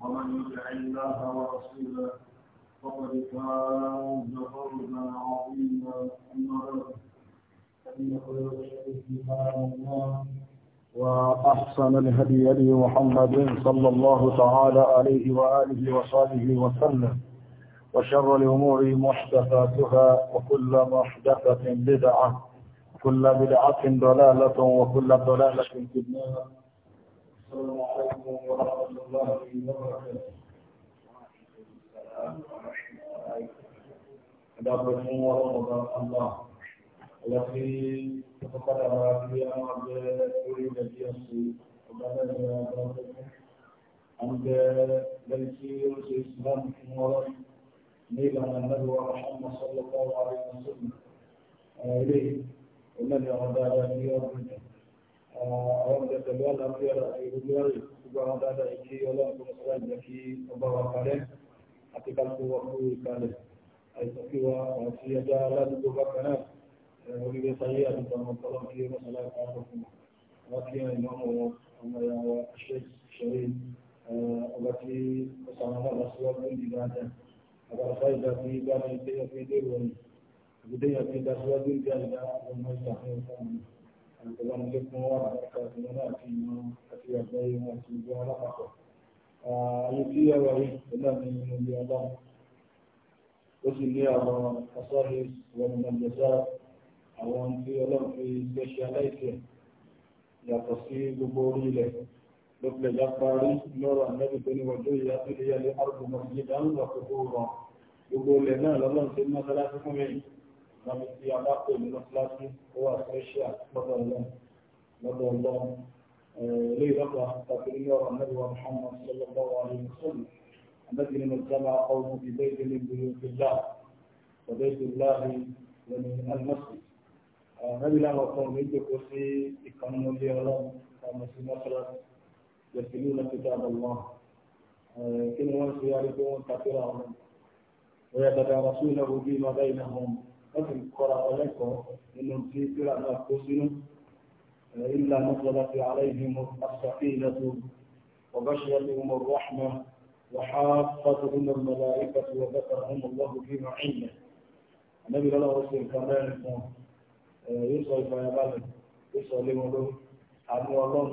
ومن يطع الله ورسوله فقد فاز فوزا عظيما اما بعد فان خير الشيء كلام الله واحسن الهدي هدي محمد صلى الله تعالى عليه واله وصحبه وسلم وشر الامور محدثاتها وكل محدثه بدعه كل بدعه ضلاله وكل ضلاله في النار السلام عليكم ورحمة الله وبركاته dapat semua orang Allah. Lagi kepada dia ada duri dan dia si kepada dia anda dari si Islam semua نيلا من النبي محمد صلى الله عليه وسلم إليه ومن يغدى في أرضه àwọn ọmọdé pẹ̀lú àlàáfíà ìrúgbó ààrẹ gbogbo àwọn dáadáa ìkí ọlọ́run tó ń sọ́ra ìjẹ́ kí ọba wa kalẹ̀ àti káàkó wa kú ìkalẹ̀ àìsàn kí wa àwọn tí ẹja aládùúgbò bá kan náà oríire sáyé àdúgbò àwọn tọ́lọ́ kí wọ́n sọ láti àbọ̀ fún wa kí ẹ̀ ìmọ̀ wọn ọmọ ìyá wa ṣe ṣeré ọba tí ó sàmọ́ náà lọ́síwájú ní dáadáa àbá àfáìdá tí bá ní ìdéyàfín dé ìròyìn ìdéyàfín ọmọ ìṣàfihàn fún ìtọ́lámúlẹ́kùn àbáríkà ìwọ́n náà àti ìwọ́n àti àgbáyé wọn àti ìjọ alápapọ̀. ààyè tí ẹ wà yìí ìtọ́lá ní inú ilé ọlọ́run ó sì ní àwọn asọ́rẹ́ ìwọ̀n ìmọ̀jẹ̀sá àwọn tí ọlọ́run fi gbẹ́sẹ̀ aláìsẹ̀ yàtọ̀ sí gbogbo orí ilẹ̀ lọ́pẹ̀ já parí lọ́rọ̀ àmẹ́bí tó ní wọ́jọ́ ìyá tó lè yẹ láti fi adáko ìlú lọ́síláṣí ó wà fẹ́ṣíà lọ́dọ̀ ọlọ́run lọ́dọ̀ ọlọ́run ilé ìdọ́gba tàbí ní ọ̀rọ̀ mẹ́wàá Muhammad sallallahu قوم في بيت من بيوت الله وبيت الله ومن المسجد النبي لما قوم يدكوا في إقامة الله قاموا في مصر يتلون كتاب الله كل من كثيرا ويتدارسونه فيما بينهم wọ́n sì kọ́ra ọlẹ́kọ̀ọ́ nínú tí kíra náà kó sínú إلا نزلت عليهم السكينة وغشيتهم الرحمة وحافتهم الملائكة وذكرهم الله في معينه النبي لنا رسول كمان يسوى الفيابان يسوى لمولو àmì ọlọ́run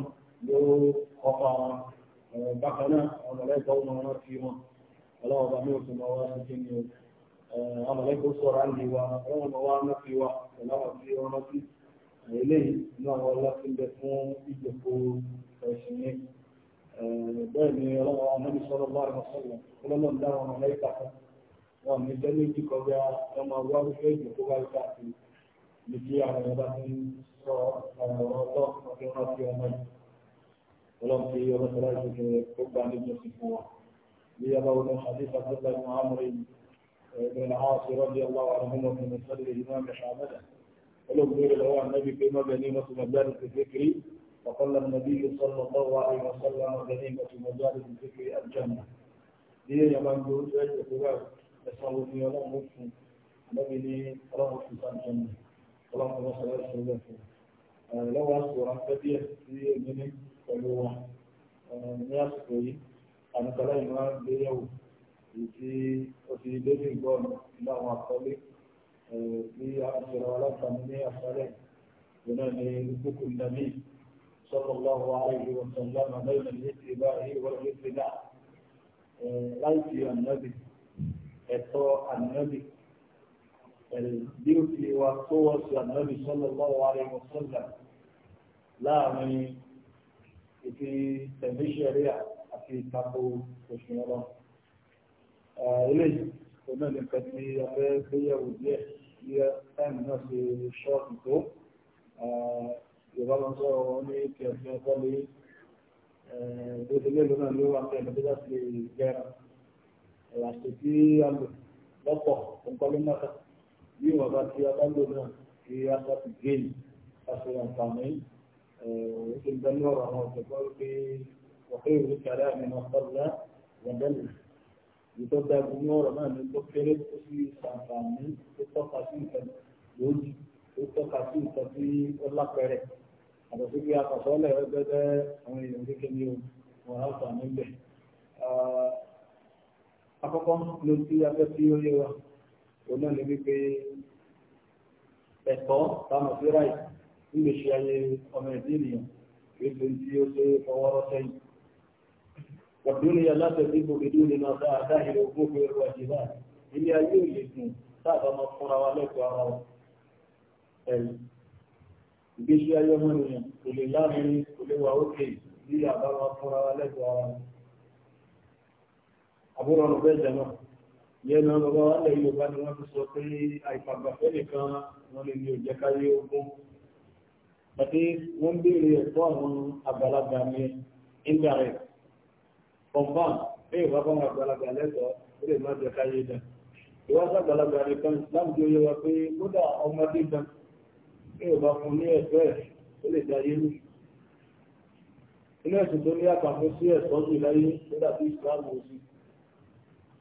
yóò kọ́kọ́ ọmọ wọn fi wọn ọlọ́wọ́ bá mi ò fi mọ kí ni o. آه، أنا لا يقصر عندي وأنا وأنا في وقت أنا في وأنا في آه، إليه ما هو الله في الدفون يدفون فاشنين دائما يا الله النبي صلى الله عليه وسلم كل من دار وأنا لا يقصر وأنا جميل تكوى كما هو الشيء يقوى الكافي لكي يعلم هذا من صلى الله عليه وسلم ولم في يوم الثلاثة كبان ابن سفوة ليبعوا من حديث عبد الله بن عمرو بن العاص رضي الله عنهما في مسجد الإمام حامدة ولو غير له النبي كما غنيمة مجالس الذكر وقال النبي صلى الله عليه وسلم غنيمة مجالس الذكر الجنة دي يا من دول جاي يقول يسأل في يوم مسلم النبي لي رغب في الجنة اللهم صل على سيدنا محمد لو أذكر عن كثير في من قالوا الناس كوي أنا كلامي ما بيوم èyí tí ó ti lórí ìgbọ́nù nínú àwọn àkọlé tí a ń ṣe àwọn aláǹfààní ní àṣálẹ̀ ìgbọ́n náà ní gbogbo ìdàmí sallallahu alaihi wa sallam bẹ́ẹ̀ ní ètò ìbáyé wọ́n ní ètò ìdá láìsí ànábì ẹ̀tọ́ ànábì bí ó ti wá tó wọ́n sí ànábì sallallahu alaihi wa sallam láàrin ìfi tẹ̀míṣẹ̀ríà àti ìtako òṣùwọ̀n náà eléyìí òun náà lè fẹ́ tí a fẹ́ gbéyẹ̀wò díẹ̀ bí táìmù náà ṣe ṣọ́ọ̀kì tó yorùbá máa ń sọ̀rọ̀ ní kí ọ̀sìn ọkọ lè gbèsè mélòó náà ló wà ń bẹ̀rẹ̀ nígbà tí gẹ́ra ìlàṣẹ tí a lò lọ́pọ̀ nǹkan ló mọ̀ta bí ìwọ̀n bá ti abájọ náà kí a sọ ti géèyì láti àǹfààní òun ti ń bẹ ní ọ̀rọ̀ àwọn ọ̀sẹ̀ gbọ́ pé ọ̀pẹ́ ìwé kàrẹ́ àmì náà sọ̀rọ̀ náà ìtọ́jà gbogbo ọ̀rọ̀ náà ní tó kéré tó sí ṣàǹfààní tó tọ́ka sí nǹkan lójú tó tọ́ka sí nǹkan tí ó lápẹẹrẹ àti sí pé àkọsọ́lẹ̀ ẹgbẹ́gbẹ́ àwọn èèyàn kékeré ni wọ́n á fà níbẹ̀. akọ́kọ́ ló ti afẹ́ tí ó yé wa òun náà ní wípé ẹ̀kọ́ táwọn sí ráì ń lè ṣe ayé ọmọ ẹ̀dínìyàn kí ó ti ó ṣe fọwọ́rọ́ sẹ́yìn. والدنيا لا تزيد بدون ما فيها الوقوف والواجبات هي يولد sábà máa fúnra wa lẹ́kọ̀ọ́ ara wa ẹ̀rù ìgbésí ayé ọmọnìyàn kò lè láàrin kò lè wà ókè bí àbá máa fúnra wa lẹ́kọ̀ọ́ ara wa àbúrò ọ̀nà bẹ́ẹ̀ jẹ́mọ̀ yẹn náà bàbá wa lẹ̀ Yorùbá ni wọ́n ti sọ pé àìfàgbàfẹ́ nìkan wọn lè ní òjẹ́ káyé ogún àti wọ́n béèrè ẹ̀tọ́ àwọn àgbàlagbà mi indirect confam bẹ́ẹ̀ bá bọ́n àgbàlagbà lẹ́tọ̀ọ́ ó lè má jẹ káyé dà ìwádìí islam di oyé wa pé kódà ọmọdé gan bẹ́ẹ̀ bá fún ní ẹ̀tọ́ ẹ̀ ó lè dá yé lù ilé ẹ̀sìn tó ní àpapọ̀ sí ẹ̀tọ́ jù láyé kódà bí islam ò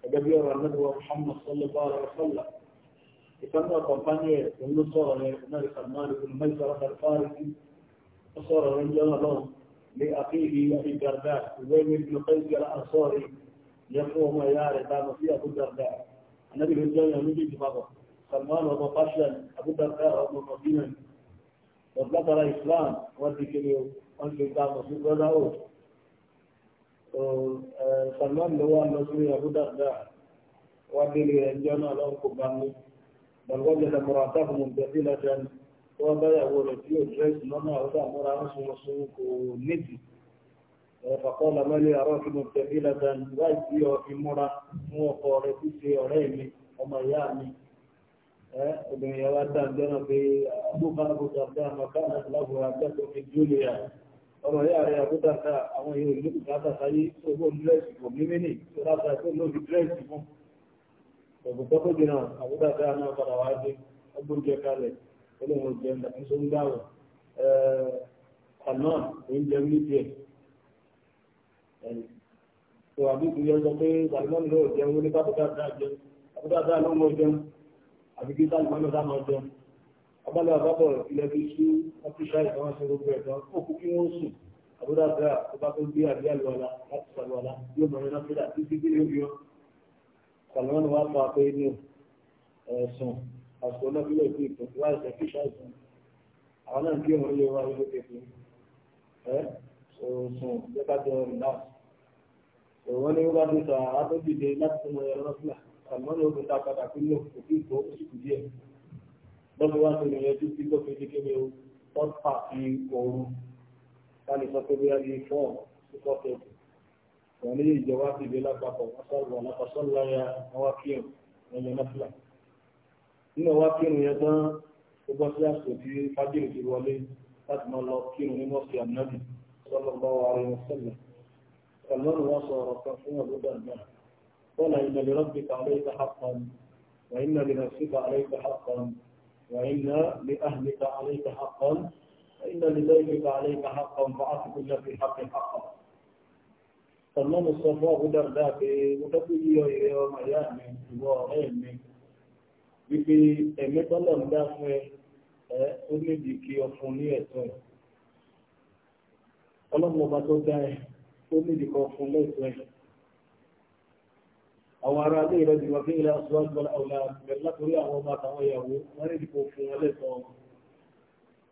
ẹgbẹ́ bí ọ̀rọ̀ anábíwá muhammad sallallahu alaihi wa sallam ìkànnì ọ̀kọ̀mpánì ẹ̀ òun ló sọ̀rọ̀ rẹ̀ náà ìkànnì لأخيه أبي الدرداء زيد بن قيس الأنصاري يقوم يا رقام في أبو الدرداء النبي الجامع نبي دماغه سلمان وطفشا أبو الدرداء أبو مدينة وذكر الإسلام وذكر أنت الدام في بدأوت سلمان هو المسؤول أبو الدرداء وذكر الجامع لهم كباني بل وجد مراتهم مبتدلة wọ́n bá yàwó rẹ̀ tí yóò dírẹ́sì lọ́nà àwọn àmúra ránṣẹ́ránṣẹ́ kò nídìí ẹ̀fàkọ́ lamẹ́lẹ́ àrọ́ kí mo tẹ̀lé lẹ́dàn láì sí ọ ìmúra fún ọkọ rẹ̀ tí ṣe ọ̀rẹ́ mi ọmọ ìyá mi obìnrin yẹn wá dá ǹjẹ́ náà pé àbúkà àbúkà dá àmàkà náà lábùrà àgbẹ̀tọ̀ mi Julia ọmọ ìyá rẹ̀ àbúkà ká àwọn èèyàn ìlú kùkàtà sáyé owó dírẹ́sì kò ní mí tó láta ẹ̀kọ́ lórí dírẹ́sì fún ọ̀gùn tọ́kọ́jì náà àbúkà náà padà wá ọgbọ́n jẹ kalẹ̀ olóhùn oúnjẹ ń dàbí tó ń dáwọ̀ kanáà oúnjẹ ń níbi ẹ̀ tó àbí kò yẹ sọ pé salimani ló jẹun ní kápẹ́tà dáa jẹun kápẹ́tà dáa ló mọ jẹun àbí kí salimani dáa mọ jẹun abálẹ̀ àbábọ̀ ilẹ̀ fi sí ọ́fíṣà ìtàn ṣe gbogbo ẹ̀tàn ó kú kí wọ́n sùn àbúrò àgbà tó bá tó gbé àbí àlùwàlà láti sàlùwàlà yóò mọ̀ iná fídà títí tí yóò yọ salimani wá pa pé inú ẹ̀sùn àsìkò náà fi lè fi ìtàn wá ẹsẹ̀ fi ṣàìsàn àwọn náà kí òun lè wá ilé kékeré ẹ sọ̀rọ̀sùn jẹ́ká jẹ́ ọ̀rìn náà òun ní wọ́n bá ti sọ àádọ́gbìdé láti fún ọ̀rọ̀ lọ́sílà àmọ́ ní ogun ta padà kí ló kò kí ìkó oṣù kù díẹ̀ lọ́sọ̀ wá sí ìrìn ẹjú tí lọ́sọ̀ èdè kéré o third party ooru ká lè sọ pé bí a lè fọ́ super pep òun ní ìjọba ti dé lápapọ̀ wọ́n sọ̀rọ̀ nínú wá kírun yẹn tán ó bọ́ sí àsìkò tí fájìrì ti wọlé láti máa lọ kírun ní mọ́sí ànábì wà sallallahu alaihi sẹ́lẹ̀. sọlọ́nù wá sọ ọ̀rọ̀ kan fún ọ̀dọ́ dàgbà qala inna li rabbika alayka haqqan wa inna li nafsika alayka haqqan wa ìta hàpọ̀n ahlika alayka lé wa inna li ìta hàpọ̀n haqqan fa'ti kulla fi haqqin haqqan sọlọ́nù sọ fún ọ̀dọ́ dàgbà pé mo tọ́kù yíyọ ìrẹ́ ọmọ ìyá mi ìwọ ọ̀rẹ́ mi wípé ẹ̀mí tọ́lọ̀ ń dá fún ẹ ẹ ó nídìí kí ọfun ní ẹ̀tọ́ ẹ̀ ọlọ́run ọba tó dá ẹ ó nídìí kí ọfun lẹ́tọ́ ẹ̀ àwọn ará ilé ìrẹsì wọn fi ń ilẹ̀ ọ̀ṣọ́ àgbọ̀n ọ̀la bẹ̀rẹ̀ látòrí àwọn ọmọ àtàwọn ìyàwó wọn nídìí kí ọfun wọn lẹ́tọ́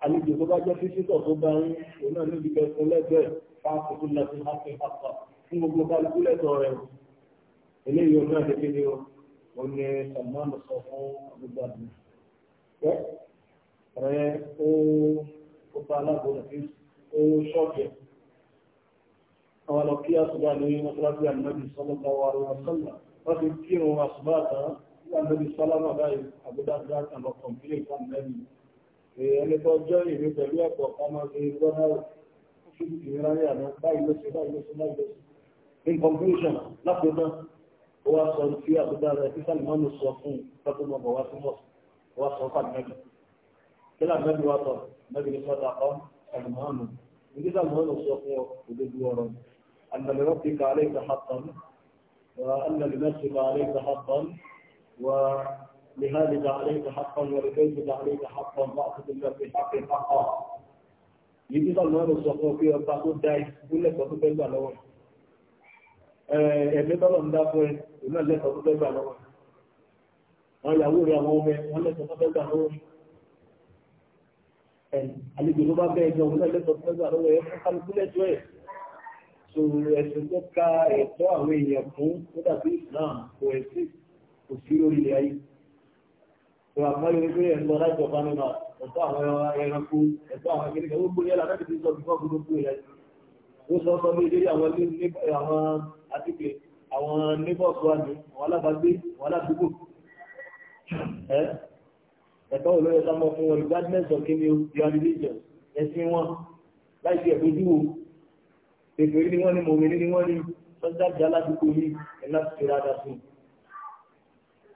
àlejò tó bá jẹ́ fífítọ̀ tó bá ń òun náà níbi kẹfún lẹ́gbẹ̀ẹ́ fáàkì ó ní Salman sọ fún gbogbo àdúgbò pé ọ̀rọ̀ yẹn ó ó bá aláàbò nàbí ó ṣọ́ọ̀kì àwọn lọ kí àṣùgbà ní mọ́sálásí ànábì sallallahu alaihi wasallam wọ́n ti kí òun àṣùgbà àtàn ànábì sálámà báyìí àbúdá kan lọ kọ̀m̀pílẹ̀ kan ẹni tó jẹ́ ìwé pẹ̀lú ẹ̀kọ́ ọmọ ṣe gbọ́dọ̀ fún ìrìnrìn àná báyìí ló báyìí ló báyìí ló in conclusion lápò ó wá sọ sí àbúdá rẹ̀ tí sálìmọ́nù sọ fún tọ́kùn mọ́ bọ̀ wá sí mọ́sù ó wá sọ fún àgbẹ̀bí kí làgbẹ̀bí wá sọ mẹ́bí ní sọ́dà ọ́ sálìmọ́nù ní sálìmọ́nù sọ fún ọ òdodo ọ̀rọ̀ àgbẹ̀lẹ́rọ̀ fi kà alẹ́ ìgbà hàtàn وأن لنفسك عليك حقا ولهذا عليك حقا ولكيفك عليك حقا وأخذ الله في حق حقا يجب أن نرى الصفوة فيها تقول داعي كل صفوة لهم ẹ̀mí tọ́lọ̀ ń dá fún ẹ ìlú ẹ̀lẹ́sọ̀ tó fẹ́ gbà lọ́wọ́ wọn ìyàwó rẹ àwọn ọmọ ẹ wọn lẹ́sọ̀ tó fẹ́ gbà lọ́wọ́ ẹ àlejò ló bá bẹ́ ẹjọ́ òun ẹ̀lẹ́sọ̀ tó fẹ́ gbà lọ́wọ́ ẹ fún kálukú lẹ́jọ́ ẹ̀ so ẹ̀sìn tó ka ẹ̀tọ́ àwọn èèyàn fún tó dàbí Islam kò ẹ̀sìn kò sí orílẹ̀ ayé tó àmọ́ yóò gbé ẹ̀ lọ láti ọ̀bá nínú ẹ̀tọ́ àwọn ẹranko ẹ̀tọ́ àwọn akẹ́kẹ́ gbogbo yẹn láti fi sọ bí wọ́n gbogbo ẹ̀ ó sọ sọ bí ilé àwọn àti pé àwọn neighbors wa ní àwọn alábàágbé àwọn aládùúgbò ẹ̀tọ́ olóyè sámọ́ fún wọn regardless of kí ni o their religion ẹ̀sìn wọn láì fi ẹ̀bójú wo èfèrí ni wọ́n ní mòmìnir ni wọ́n ní sọ́jà jẹ́ aládùúgbò ní ẹ̀lá ti fi rádà sí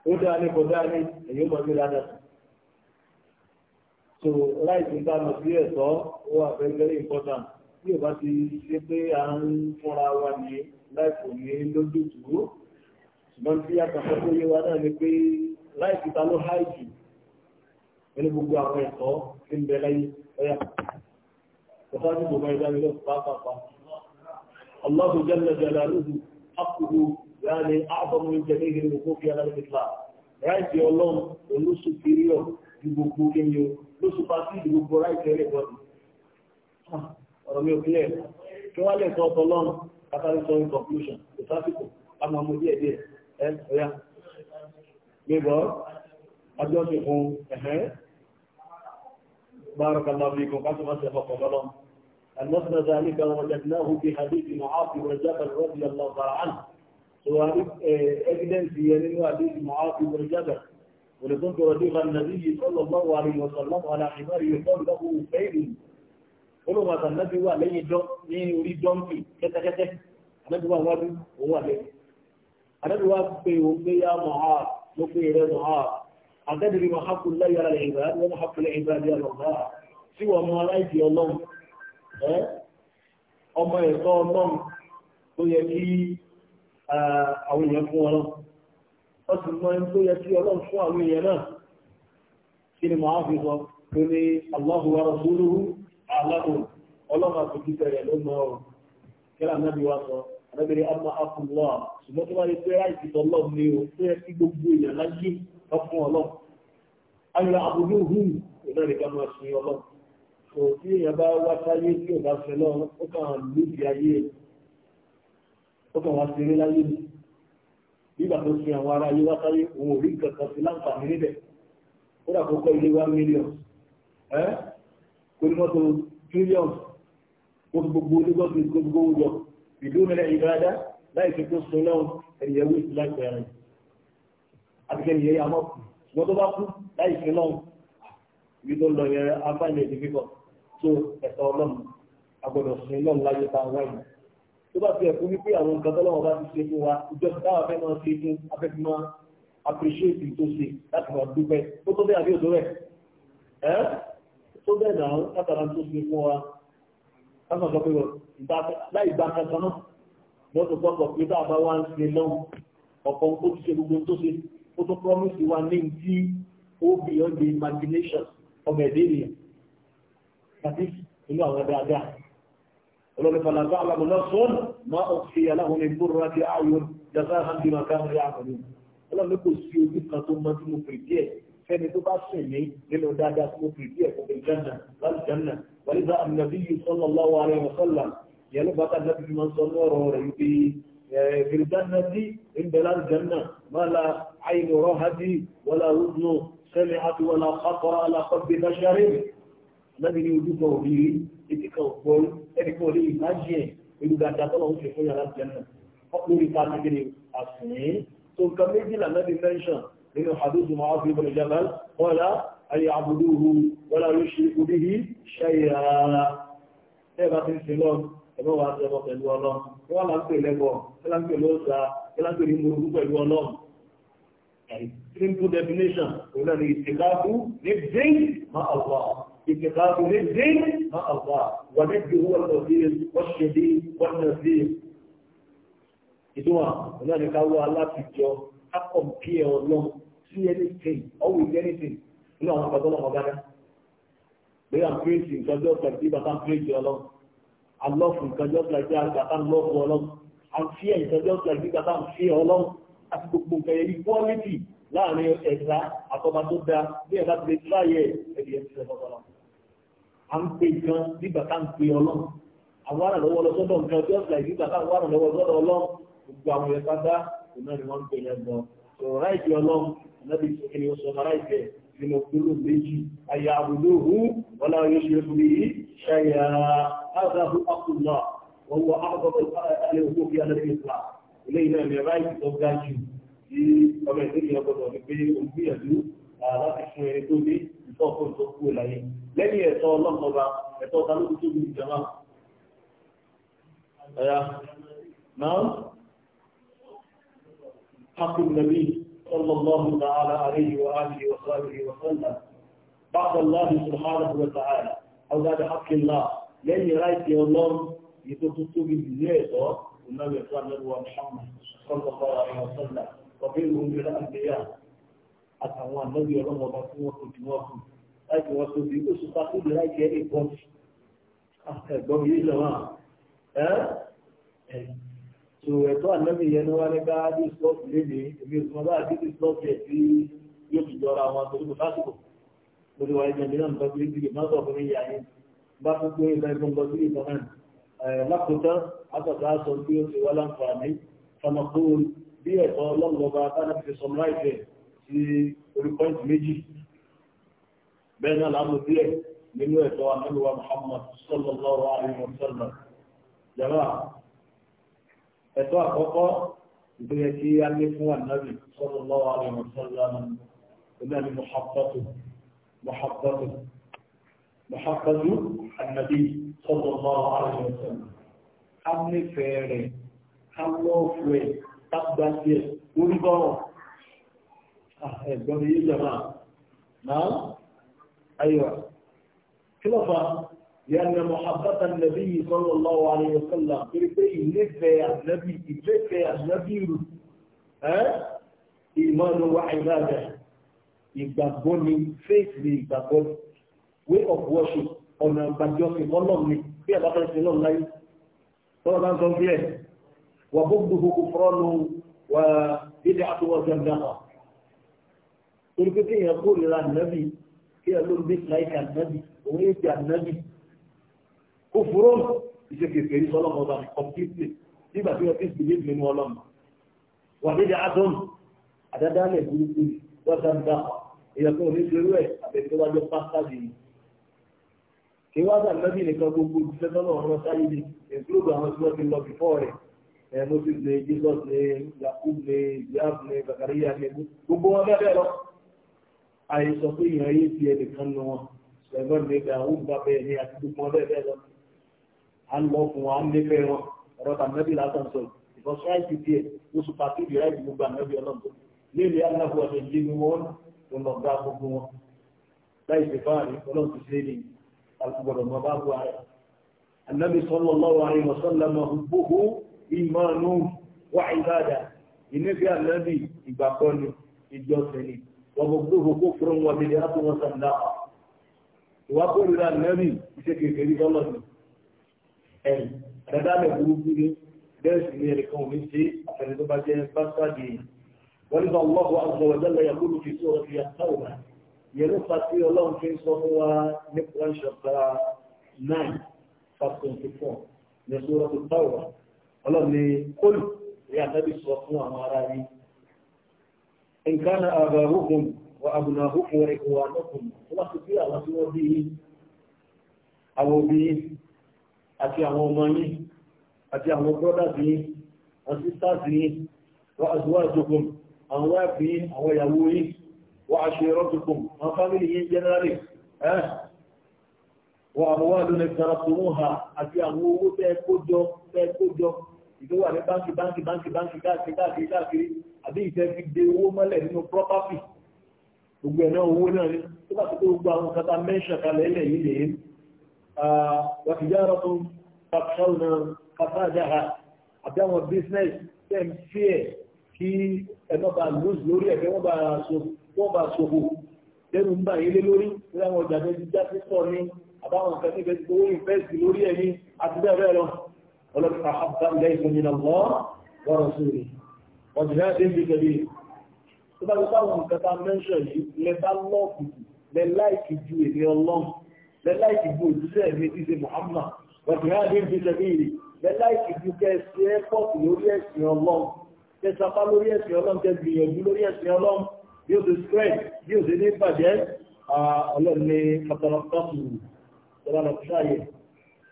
ó dáa ní kọjá ní èyí mọ̀ ní rádà sí so láìsí bá lọ sí ẹ̀tọ́ ó wà very very important bí o bá ti ṣe pé à ń fúnra wa nìyẹn láìpò ní lójútùú ṣùgbọ́n tí àkàkọ́ tó yé wa náà ni pé láìpì ta ló háì jù nínú gbogbo àwọn ẹ̀kọ́ tí ń bẹ láyé ọ̀yà ọ̀fà ní gbogbo ìdánilọ́ pàápàá Allahu jalla jalaluhu akuhu yaani a'zamu min jami'i al-huquqi ala al-islam ráìtì ọlọ́run olóṣù pírọ̀ ju gbogbo ẹyọ lóṣù pàṣẹ ìdí gbogbo ráìtì ẹlẹ́gbọ̀n ah, ọ̀rọ̀ mi ò kílẹ̀ kí wọ́n lè sọ ọ̀tọ̀ ọlọ́run kásáre sọ in conclusion kò sásìkò a máa mú díẹ̀ díẹ̀ ẹ ọ̀yá gbégbọ́ ajọ́sìn fún ẹ̀hẹ́ بارك الله فيكم قسم أسفق فلهم المثنى ذلك وجدناه في حديث معاذ بن جبل رضي الله تعالى عنه سؤال evidence يعني حديث معاذ بن جبل ولكنت رديف النبي صلى الله عليه وسلم على حمار يقول له فيل olóhùn àtàlẹ́bí wà lẹ́yìn dọ́ ní orí dọ́ǹkì kẹ́tẹ́kẹ́tẹ́ àlẹ́bí wà wájú òun wà lẹ́yìn àlẹ́bí wà pé òun gbé yá mọ̀ á ló pé rẹ̀ mọ̀ á àtẹ́bí mọ̀ hákù lẹ́yìn ara ìgbà wọn mọ̀ hákù lẹ́yìn ìgbà díẹ̀ lọ́gbà tí wọ́n mọ aláìsí ọlọ́run ẹ́ ọmọ ẹ̀tọ́ ọlọ́run tó yẹ kí àwọn èèyàn fún ọlọ́run ó sì mọ tó yẹ kí ọlọ́run fún àwọn èèyàn náà kí ni mọ̀ fi sọ pé ní àlọ́mù ọlọ́mọ àfojúsẹ̀ rẹ̀ ló mọ ọ̀rọ̀ kílà náà bí wá sọ àdọ́gbẹ̀rẹ̀ ọmọ afúnlọ́ ṣùgbọ́n tó bá rí pé ráìsì tọ́lọ́ mi ò tó yẹ kí gbogbo èèyàn láyé lọ fún ọlọ́run ayọ̀ àbúrò nígbà tó fi àwọn ará ayé sáyé òun ò rí nǹkan sí láǹfààní níbẹ̀ kó kọ́ ilé wá mílíọ̀n onímọ́tò trillions ó fi gbogbo Lagos ní gbogbo yọ ìlú mẹ́lẹ̀ ìgbàdá láì fi tó sọ lọ́wọ́ ẹ̀yẹ̀wò ìsìláìpẹ̀ rẹ̀ àtìkẹ́ ìyẹ́ yà mọ́ ṣùgbọ́n tó bá kú láì fi lọ́wọ́ ibi tó lọ yẹ afáìlẹ̀ ìdífíkọ̀ tó ẹ̀tọ́ ọlọ́run agbọ́dọ̀ sin lọ́run láyé tá a wáyé tó bá fi ẹ̀kú wípé àwọn nǹkan tọ́lọ́wọ́ bá ti ṣe fún wa ìjọba táwa fẹ́ máa ṣe fún afẹ́fẹ́ máa appreciate tó ṣe láti máa dúpẹ́ ó tó bẹ́ẹ̀ àbí òtó rẹ̀ tó bẹ́ẹ̀ náà látara tó fi fún wa kákan sọ pé láì gba kankan náà lọ́tọ̀ gbọ́gbọ̀ pé bá a bá wá ń ṣe lọ́wọ́ ọ̀pọ̀ ó ti ṣe gbogbo tó ṣe ó tó promise wa ní ti ó beyond the imagination ọmọ ẹ̀dẹ́ ènìyàn àti inú àwọn ẹ̀dẹ́ àdá olórí falàbá alámọ̀lá sọ́ọ̀n máa ọ̀ fi aláwọn ẹ̀kú rọra di ayọ̀ jàdá hàn bí màkà rẹ̀ àkọ́lé ọlọ́run kò sí ojú kan tó mọ́ tí mo pè díẹ̀ fẹ́ni tó bá sìn mí nínú dáadáa tó fi bí ẹ̀kọ́ fi jẹ́nà láti jẹ́nà wọ́n nígbà àmìnàbí yìí sọ́nà lọ́wọ́ ara ẹ̀wọ̀n sọ́là yẹn ló bá ká nàbí máa ń sọ ní ọ̀rọ̀ rẹ̀ wípé fìrìdánà sí ìbẹ̀ láti jẹ́nà máa la àyìn ọ̀rọ̀ ha sí wọ́lá wúdùnú sẹ́mi àti wọ́lá pápá alákọ̀bí báṣáré nínú hadith Mu'adh ibn Jabal wala aya'buduhu wala yushriku bihi shay'an ẹ̀bá ti ń sin lọ ẹ̀bá wa ti ẹbọ pẹ̀lú ọlọ́run kí wọ́n là ń pè lẹ́bọ̀ kí lá ń pè lóòsà kí lá ń pè ní morogún pẹ̀lú ọlọ́run simple definition òun náà ni ìtìkáfù ní dín ma Allah ìtìkáfù ní dín ma Allah wà ní ti wọ́n lọ sí wọ́n ṣe bí wọ́n náà sí ìdúnwà òun náà ni ká wọ́ aláfíjọ ká compare ọlọ́run sí anything always anything nínú àwọn àgbàdo ọlọ́run ọba dá bí i'm praising nǹkan just like bí bàbá ń praise ọlọ́run i love nǹkan just like bí bàbá am love ọlọ́run i'm fear nǹkan just like bí bàbá am fear ọlọ́run àti gbogbo nǹkan yẹn equality láàrin ẹ̀dá àtọ́ba tó dáa bí ẹ̀dá ti lè tíráyẹ̀ ẹ̀dí ẹ̀ ti lè bọ́ ọlọ́run à ń pe gan bí bàbá ń pe ọlọ́run àwọn àrànlọ́wọ́ lọ sọ́dọ̀ nǹkan just like bí bàbá ń wà àrànlọ́wọ́ ọlọ́run gbogbo àwọn ẹ̀ka iná ni wọ́n ń pè lẹ́gbọ́ sọ̀rọ̀ ráìtì ọlọ́run ẹ̀nàbí sókè ni ó sọ ráìtì nínú kúrò méjì ayé àbúlò hù wọ́n láwọn yóò ṣe fún yìí ṣayà áàbù àkùnà wọ́n wọ àkọ́kọ́ alẹ́ òkú fi alẹ́ fi fà ilé iná ni ráìtì tó ga jù tí ọmọ ìdílé ọgbọ̀dọ̀ ní حق النبي صلى الله تعالى عليه وآله وصحبه وسلم بعد الله سبحانه وتعالى أو بعد حق الله لأن رأيت يا الله يتطلب بزيادة النبي صلى الله عليه وسلم صلى الله عليه وسلم وغيرهم من الأنبياء àtàwọn ànábì ọlọ́wọ́ ọba tí wọ́n kò jù wọ́n kù láti wọ́n tó bí oṣù pàtóbi so ẹ̀tọ́ ànábì yẹn ló wá ní ká bí slọ́ọ̀tì léde èmi ìsúnmọ́ bá àti bí slọ́ọ̀tì ẹ̀ tí yóò fi jọra wọn torí kò lásìkò lórí wáyé jẹ̀mí náà nǹkan bíi bíi máa sọ̀rọ̀ níyà yẹn bá fún pé ìgbà ìgbà ìgbà bíi ìgbà náà lákòótán àtàtà sọ pé ó ti wá láǹfààní famakóol bí ẹ̀tọ́ ọlọ́mọba táwọn fi sọmọ láìpẹ́ sí orí pọ́ìntì méjì bẹ́ẹ̀ náà láàmú díẹ̀ nínú ẹ̀tọ́ anábìwá Muhammad sallallahu alaihi wa sallam ẹ̀tọ́ àkọ́kọ́ ìgbéyẹ tí a lé fún ànábì sallallahu alaihi wasallam ọ̀nà ni muhabbatu muhabbatu muhabbatu ànábì sallallahu alaihi wasallam ká nífẹ̀ẹ́ rẹ̀ ká lọ́ọ̀fù ẹ̀ tágbà sí ẹ̀ lórí bọ́rọ̀ ẹ̀gbọ́n yìí jẹ́ máa náà ayọ̀ kí lọ́fà لأن محبة النبي صلى الله عليه وسلم تريد نفع النبي تريد النبي ها إيمان وعبادة ìgbàgbọ́ ni faith ni ìgbàgbọ́ way of worship ọ̀nà ìgbàjọ́ sí ọlọ́run ni bí ẹ̀ bá fẹ́ sí lọ́run láyé tọ́lá bá ń sọ bí ẹ̀ wà gbogbo gbogbo fọ́ọ̀nù wà dédé àtúwọ̀ jẹ́mdáfà torí pé kéèyàn kórìíra nàbì kéèyàn ló ń bí láìka nàbì òun yé ti ànábì ó fúró nù iṣẹ́ kẹfẹ́ ní sọ́lọ́mọ ọba mi completely nígbà tí wọ́n ti bìlí nínú ọlọ́mọ wà nídìí adùn àdádálẹ̀ burúkú wọ́n dá dá èèyàn kan ò ní ṣerú ẹ̀ àbẹ̀tẹ́wájọ́ pásítà yìí kí wọ́n dà lẹ́bí nìkan gbogbo ìṣẹ́ tọ́lọ̀ ọ̀rọ̀ sáyé ni ìgbúrògbò àwọn tí wọ́n ti lọ bìfọ́ rẹ̀ ẹ̀ moses ní jesus ní yakub ní yab ní zakariya ní gbogbo wọn bẹ́ẹ̀ bẹ́ẹ̀ lọ àìsàn pé ìyàn yé ti ẹnìkan nu wọn ṣẹ̀gbọ́n ní dàrú gbàgbé ní àti gbogbo wọn bẹ́ẹ̀ lọ à ń lọ fún wọn à ń léfẹ́ wọn ọ̀rọ̀ tàbí lásán sọ because right ti tiẹ̀ ó super tv right gbogbo ànábì ọlọ́dún léèrè aláwọ̀ ọ̀dẹ̀ lé ní wọn tó lọ bá gbogbo wọn láì ṣe fáàrí ọlọ́run ti ṣe ní àgbọ̀dọ̀ mọ́ bá bu ara ànábì sallallahu alaihi wasallam gbogbo ìmọ̀ọ́nù wà ìbàdà ìnífẹ́ ànábì ìgbàkọ́ ni ìjọsìn ni wọ́n gbogbo kó fúrun wọn bí i ẹ̀rì àdádálẹ̀ burúkú ní bẹ́ẹ̀ sì ní ẹnìkan ò ní ṣe àfẹni tó bá jẹ́ básáàdì yìí wọ́n ní Allahu azza wa jalla yaqulu fi surati at-Tawbah yẹn ló fa sí ọlọ́run fi wa ní Quran chapter nine wọ́n ti bí àwọn tí wọ́n bí àwọn òbí àti àwọn ọmọ yìí àti àwọn brothers yìí àwọn sisters yìí wọ́n àdúwà àwọn wáàpì àwọn ìyàwó yìí wọ́n àṣẹ rọ́tùkùn àwọn family yìí generally wọ́n àwọn wà lónìí ha àti àwọn owó tẹ́ kójọ tẹ́ kójọ ìlú ní báńkì báńkì báńkì báńkì káàkiri káàkiri ti kata وتجارة تخشون فسادها àbíwọn business tem fear kí ẹmọ́ bá lose lórí ẹ̀fẹ́ wọ́n bá ṣòfò lẹ́nu ń bá ilé lórí láwọn ọjà tó ti jáde sọ ní àbáwọn nǹkan tó ti gbowó invest lórí ẹ̀ ní àti bẹ́ẹ̀ bẹ́ẹ̀ lọ ọlọ́pàá àbúkà lẹ́yìn tó nínú lọ wọ́rọ̀ sórí wọ́n ti náà dé ibi tẹ̀lé tó bá gbé báwọn nǹkan tá a mention yìí lẹ́ bá lọ́ọ̀kì lẹ́ láìkì ju èdè ọlọ́run lẹ́lá ìdìbò òṣìṣẹ́ mi ti ṣe Muhammad wàtí hàn ní ìdílé mi rí lẹ́lá ìdìbò kẹsì ẹ́pọ̀tù lórí ẹ̀sìn ọlọ́run kẹsàpá lórí ẹ̀sìn ọlọ́run kẹgbìyànjú lórí ẹ̀sìn ọlọ́run bí ó ti spread bí ó ti ní ìbàjẹ́ ọlọ́run ní pàtàkì ìrànà ṣáyẹ̀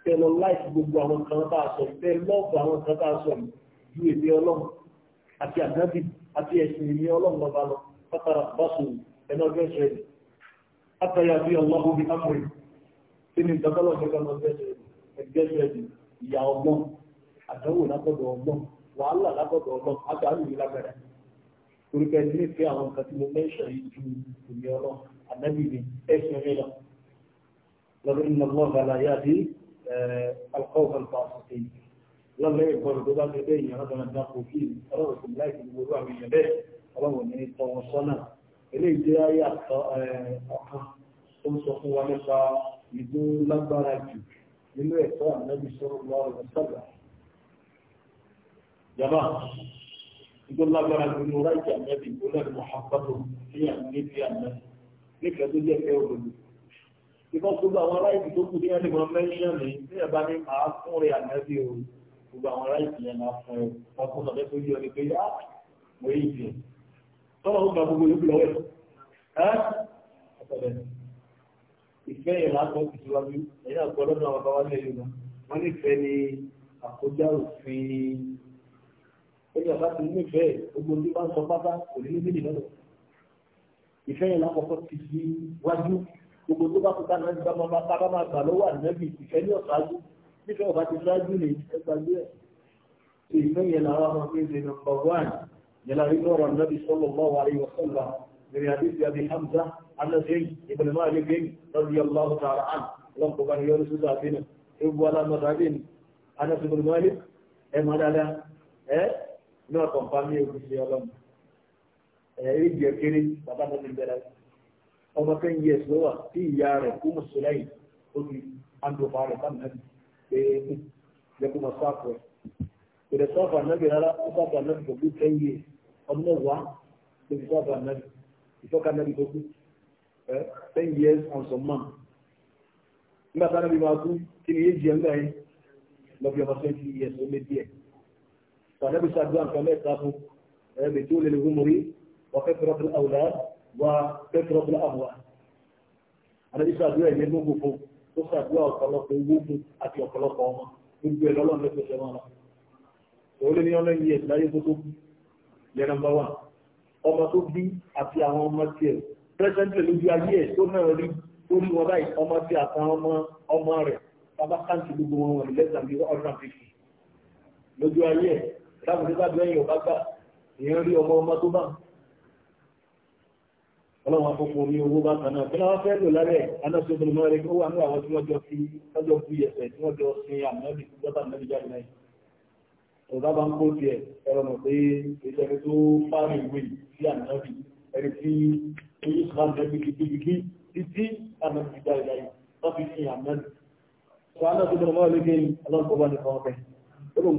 tẹ lọ láìsí gbogbo àwọn kan tá a sọ tẹ lọ́ọ̀bù àwọn kan tá a sọ ju èdè ọlọ́run àti àdábì àti ẹ̀sìn ìní ọlọ́run lọ́ba lọ pátá bá sùn ẹ̀nà ọjọ́ ìṣẹ̀lẹ̀ àtàyà bí ọlọ́run bí ámúrì kí ni ìtọ́kọ́lọ̀ fẹ́ kọ́nà ẹgbẹ́sẹ̀ẹ́dì ìyà ọgbọ́n àdánwò lápọ̀dọ̀ ọgbọ́n wàhálà lápọ̀dọ̀ ọgbọ́n àtàrí ìlú lágbára orúkọ ẹni nífẹ̀ẹ́ àwọn nǹkan tí mo mẹ́ṣọ̀ yìí ju òmì ọlọ́ ànábì ni ẹ̀sìn mi lọ lọ́dún iná lọ́ọ̀gá láyé àbí alkọ́ọ̀gá lọ́pàá àtúntò yìí lọ́lẹ́ ìkọlù tó bá ti bẹ́ẹ̀ yẹn lọ́dún ọjà kò kí ọlọ́run kò láì fi gbogbo àwọn èèyàn bẹ́ẹ̀ ọlọ́run ní tọ́ wọn sọ́nà ìdó lágbára jù nínú ẹ̀tọ́ ànábì sallallahu alaihi wasallam. Jàmbá ìdó lágbára jù nínú ráìtì ànábì ìgbóná Muhammadu ní ànábì ànábì nífẹ̀ẹ́ tó jẹ́ fẹ́ òdòdó. Ìfọ́ gbogbo àwọn ráìtì tó kù ní ẹni wọn mẹ́ṣán ní ní ẹ̀bá ní màá fún rẹ̀ ànábì o. Gbogbo àwọn ráìtì yẹn máa fún ẹ. Wọ́n fún ọ̀dẹ́ tó yọ ni pé á wọ́n yìí jẹ. Tọ́lá ó gba gbogbo yóò ìfẹ́ yẹn láti wọ́n ti síwájú ẹ̀yìn àpò ọlọ́dún àwọn bàbá lẹ́yìn ìgbà wọ́n nífẹ̀ẹ́ ni àkójá òfin ẹ̀yìn àbá ti nífẹ̀ẹ́ gbogbo tí wọ́n sọ pátá kò ní níbi ìlọ́dọ̀ ìfẹ́ yẹn lákọ̀ọ́kọ́ ti síwájú gbogbo tó bá kó ká náà gbàmọ́ bá máa gbà lọ́wọ́ àdínẹ́bì ìfẹ́ ní ọ̀sáájú nífẹ̀ẹ́ ọ̀bá ti síwájú ní ẹgbàgbé ẹ̀ ìfẹ́ yẹn làwọn ọmọ fi ń ṣe nọ́mbà wán yẹn lárí lọ́rọ̀ àdínẹ́bì sọ́lọ́ Allah ibn Malik bin radiyallahu ta'ala an lan ko ban yoro su da bin wala mazabin Anas ibn Malik e madala e no kon pami e kusi yalam e ri je kiri baba no bin bela o ma kan yes lo wa ti yare ku musulai o ti ando fare kan nabi e de ku masafo e de sofa nabi rara o sofa nabi ko bi 10 years ọdún mẹ́wàá lè fi sọ́ọ̀bù ànábì ìfọ́kà ànábì tó kú ten years and some months nígbà tí anábì máa kú kí ni yéé jẹ́ ńlá yẹn lọ́bí ọmọ twenty years ó lé díẹ̀ sàdébí sàdúrà nǹkan mẹ́ta fún ẹ̀ẹ́dì tí ó lè lóhùn mórí wà kẹ́kọ̀ọ́ fún àwùlá wà kẹ́kọ̀ọ́ fún àwùlá anábì sàdúrà ẹ̀yẹ lógún fún tó sàdúrà ọ̀pọ̀lọpọ̀ owó fún àti ọ̀pọ̀lọpọ̀ ọmọ gbogbo ẹ̀ lọ́lọ́ ọmọ tó bí àti àwọn ọmọ tiẹ̀ pẹ́sẹ́ntì lójú ayé ẹ̀ tó náà rí tó rí wọn báyìí ọmọ tí a kan ọmọ ọmọ rẹ̀ bàbá káńtì gbogbo wọn wọn lẹ́sà bí ọdún àfihàn lójú ayé ẹ̀ láwọn nígbà bí ẹ̀yìn ọba gbà èèyàn rí ọmọ ọmọ tó bá ọlọ́run afọ́fọ́ omi owó bá kan náà fúnra wọn fẹ́ lò lálẹ́ anásọ́dún mọ́ rẹ̀ ó wà ní àwọn tí wọ́n jọ fi lọ́jọ́ bu yẹ̀fẹ̀ tí wọ́n jọ sin àmọ́bì lọ́tà mẹ́rin jáde náà ọ̀gá bá ń kó tiẹ̀ ẹ̀rọ mọ̀ pé ìṣẹ́ni tó fárin ìwé sí àmọ́bì ẹni tí èyí kan lẹ́bi gidigidi títí àmì ìgbà ìgbà yìí wọ́n fi fi hàn mẹ́rin. sọ àná tó dọ̀rọ̀ wọlé gẹ́yìn ọlọ́nkọ̀ bá nìkan ọbẹ̀ ó ló ń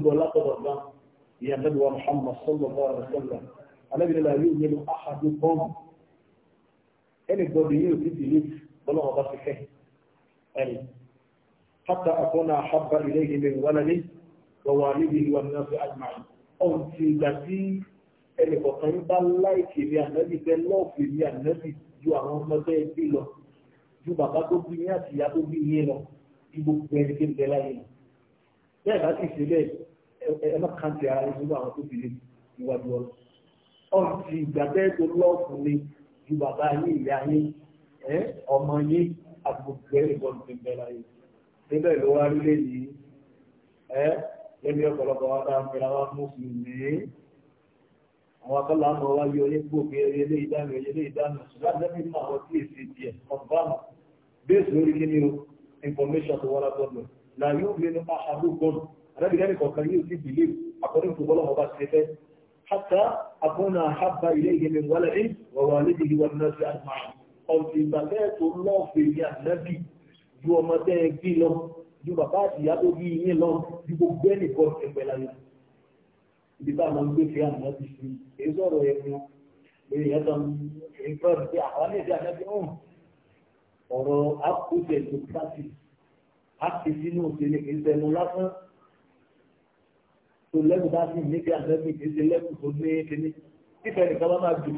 gbọ́ látọ̀dọ̀ حتى أكون أحب إليه من ولده ووالده والناس أجمعين أو تلتي ẹnì kọ̀ọ̀kan yín bá láìkì èmi ànábì fẹ́ lọ́ọ̀fù èmi ànábì ju àwọn ọmọdé ẹbí lọ ju bàbá tó bí yín àti ìyá tó bí yín lọ ju gbogbo ẹni tó ń bẹ láyé lọ. bẹ́ẹ̀ bá sì ṣe bẹ́ẹ̀ ẹ má kàn ti ara yín nínú àwọn tó fi lè ìwájú ọ ọ̀sì ìgbà bẹ́ẹ̀ tó lọ́ọ̀fù ni ju bàbá yín ìyá yín ọmọ yín àti gbogbo ẹni tó ń bẹ láyé níbẹ̀ ló wá rí lé yìí ẹ ọ̀pọ̀lọpọ̀ wa dáa àwọn akọ́lá mọ̀ wá yọ nípò bí eré ilé ìdánù ilé ìdánù ṣùgbọ́n lẹ́bí mọ̀ àwọn tí èsì tiẹ̀ ọ̀bámà bẹ́ẹ̀sì information tó wọ́lá tọ́lọ̀ là yóò gbé ní àṣàlù gbọ́n àdábìdánì kọ̀ọ̀kan yóò sì bìlíf àkọ́dún tó bọ́lọ̀ ọba ti fẹ́ hátà àkọ́nà àhábà ilé ìgbẹ̀mí wọlé ẹ̀ wọ̀wọ̀ àlejò ìwà náà sí àmà ọ̀sìn ìgbàgbẹ́ tó lọ́ọ̀fẹ̀ ní ànábì ju ọmọdé ẹgbẹ́ lọ ju bàbá àtìyá tó bí yín lọ ju gbogbo ẹnì kan ẹgbẹ́ ibi tá a máa ń gbé fi àná ti fi èyí sọ̀rọ̀ ẹ̀fọn lórí ìyá tán èyí tó ọ̀rọ̀ pé àwọn ilé ìfẹ́ àná ti hàn ọ̀rọ̀ àkójẹ tó practice àti sínú òṣèlú kì í sẹnu lásán tó lẹ́kùn bá sì ní bí àná ti kì í ṣe lẹ́kùn tó láti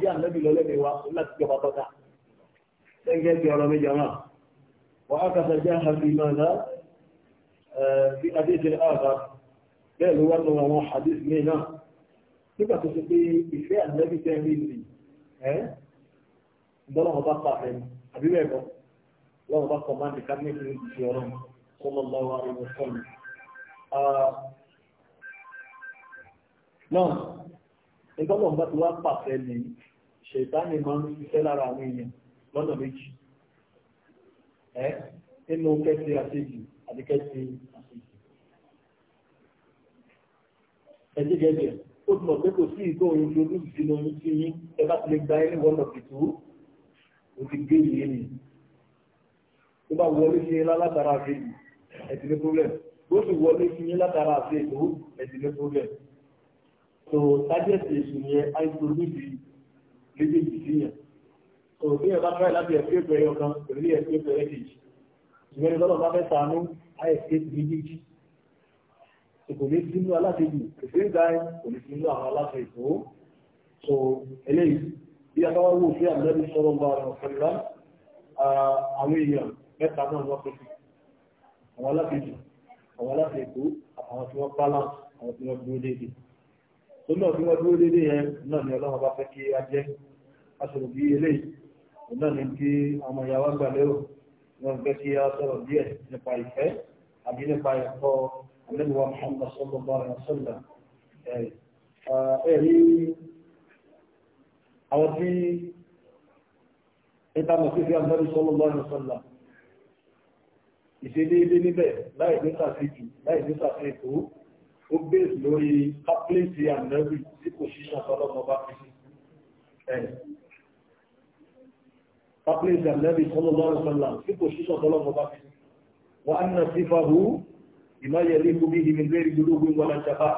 fi adé ìṣẹ̀lẹ̀ àgbà bẹ́ẹ̀ ló wá nù nígbà tó ṣe pé ìfẹ́ ànábì tẹ́ rí sí ẹ́ ìdánwò bá pa ẹ̀ àbí bẹ́ẹ̀ kọ́ lọ́wọ́ bá kọ̀mándì kábínẹ̀tì ní ti ọ̀rọ̀ sallallahu alaihi wasallam. náà ìdánwò bá ti wá pàṣẹ ní ṣètánì máa ń ṣiṣẹ́ lára àwọn èèyàn lọ́nà méjì ẹ́ nínú kẹ́sì àṣejì àti kẹ́sì àṣejì. ẹ̀jẹ̀ gẹ́gẹ́ ó ti mọ̀ pé kò sí ìtò òun ló ní ìsinmi oyún sí yín ẹ bá ti lè gba ẹni wọ́n lọ́ọ̀kì tó ó ti gé ìyé ni tó bá wọlé sí yín látara àfẹ́ yìí ẹ ti ní problem bó sì wọlé sí yín látara àfẹ́ tó ẹ ti ní problem so tájẹ́sì èsì yẹn àìsàn níbi méjèèjì sí yẹn so bí ẹ bá fẹ́ láti ẹ̀fẹ́ pẹ̀lú ọkàn pẹ̀lú ẹ̀fẹ́ pẹ̀lú ẹ̀kejì ìgbẹ́ni tọ́lọ̀ bá fẹ́ sànú àìsàn méjèèjì kò lè sínú aláṣejù ìfẹ́ ìdáyé kò lè sínú àwọn aláṣẹ ìfò so eléyìí bí a bá wá wò sí àmì sọ̀rọ̀ ń bá ọ̀rọ̀ pẹ̀lú àwọn èèyàn mẹ́ta náà wọ́n pèsè àwọn aláṣejù àwọn aláṣẹ ìfò àwọn tí wọ́n balance àwọn tí wọ́n dúró déédéé tó náà tí wọ́n dúró déédéé yẹn náà ni ọlọ́run bá fẹ́ kí a jẹ́ a sọ̀rọ̀ bí eléyìí náà ni kí àwọn ìyàwó àgbà lérò wọ́n fẹ́ kí a sọ̀rọ̀ díẹ̀ nípa ìfẹ́ àbí nípa ẹ̀kọ́ àlẹ́lùwà Muhammad sallallahu alaihi wasallam ẹ̀rí àwọn tí ìtàmọ̀ sí fi àmọ́lù sallallahu alaihi wasallam ìṣedéédé níbẹ̀ láì ní sàfíjù láì ní sàfíjù ó bèèrè lórí kápílẹ̀sì àmọ́lù tí kò ṣíṣà tọ́lọ́mọ bá fi sí kápílẹ̀sì àmọ́lù sallallahu alaihi wasallam tí kò ṣíṣà tọ́lọ́mọ bá fi sí wọ́n á ìmá yẹ ní kú bí i nìgbé ìgbòlógún wọn láti àbá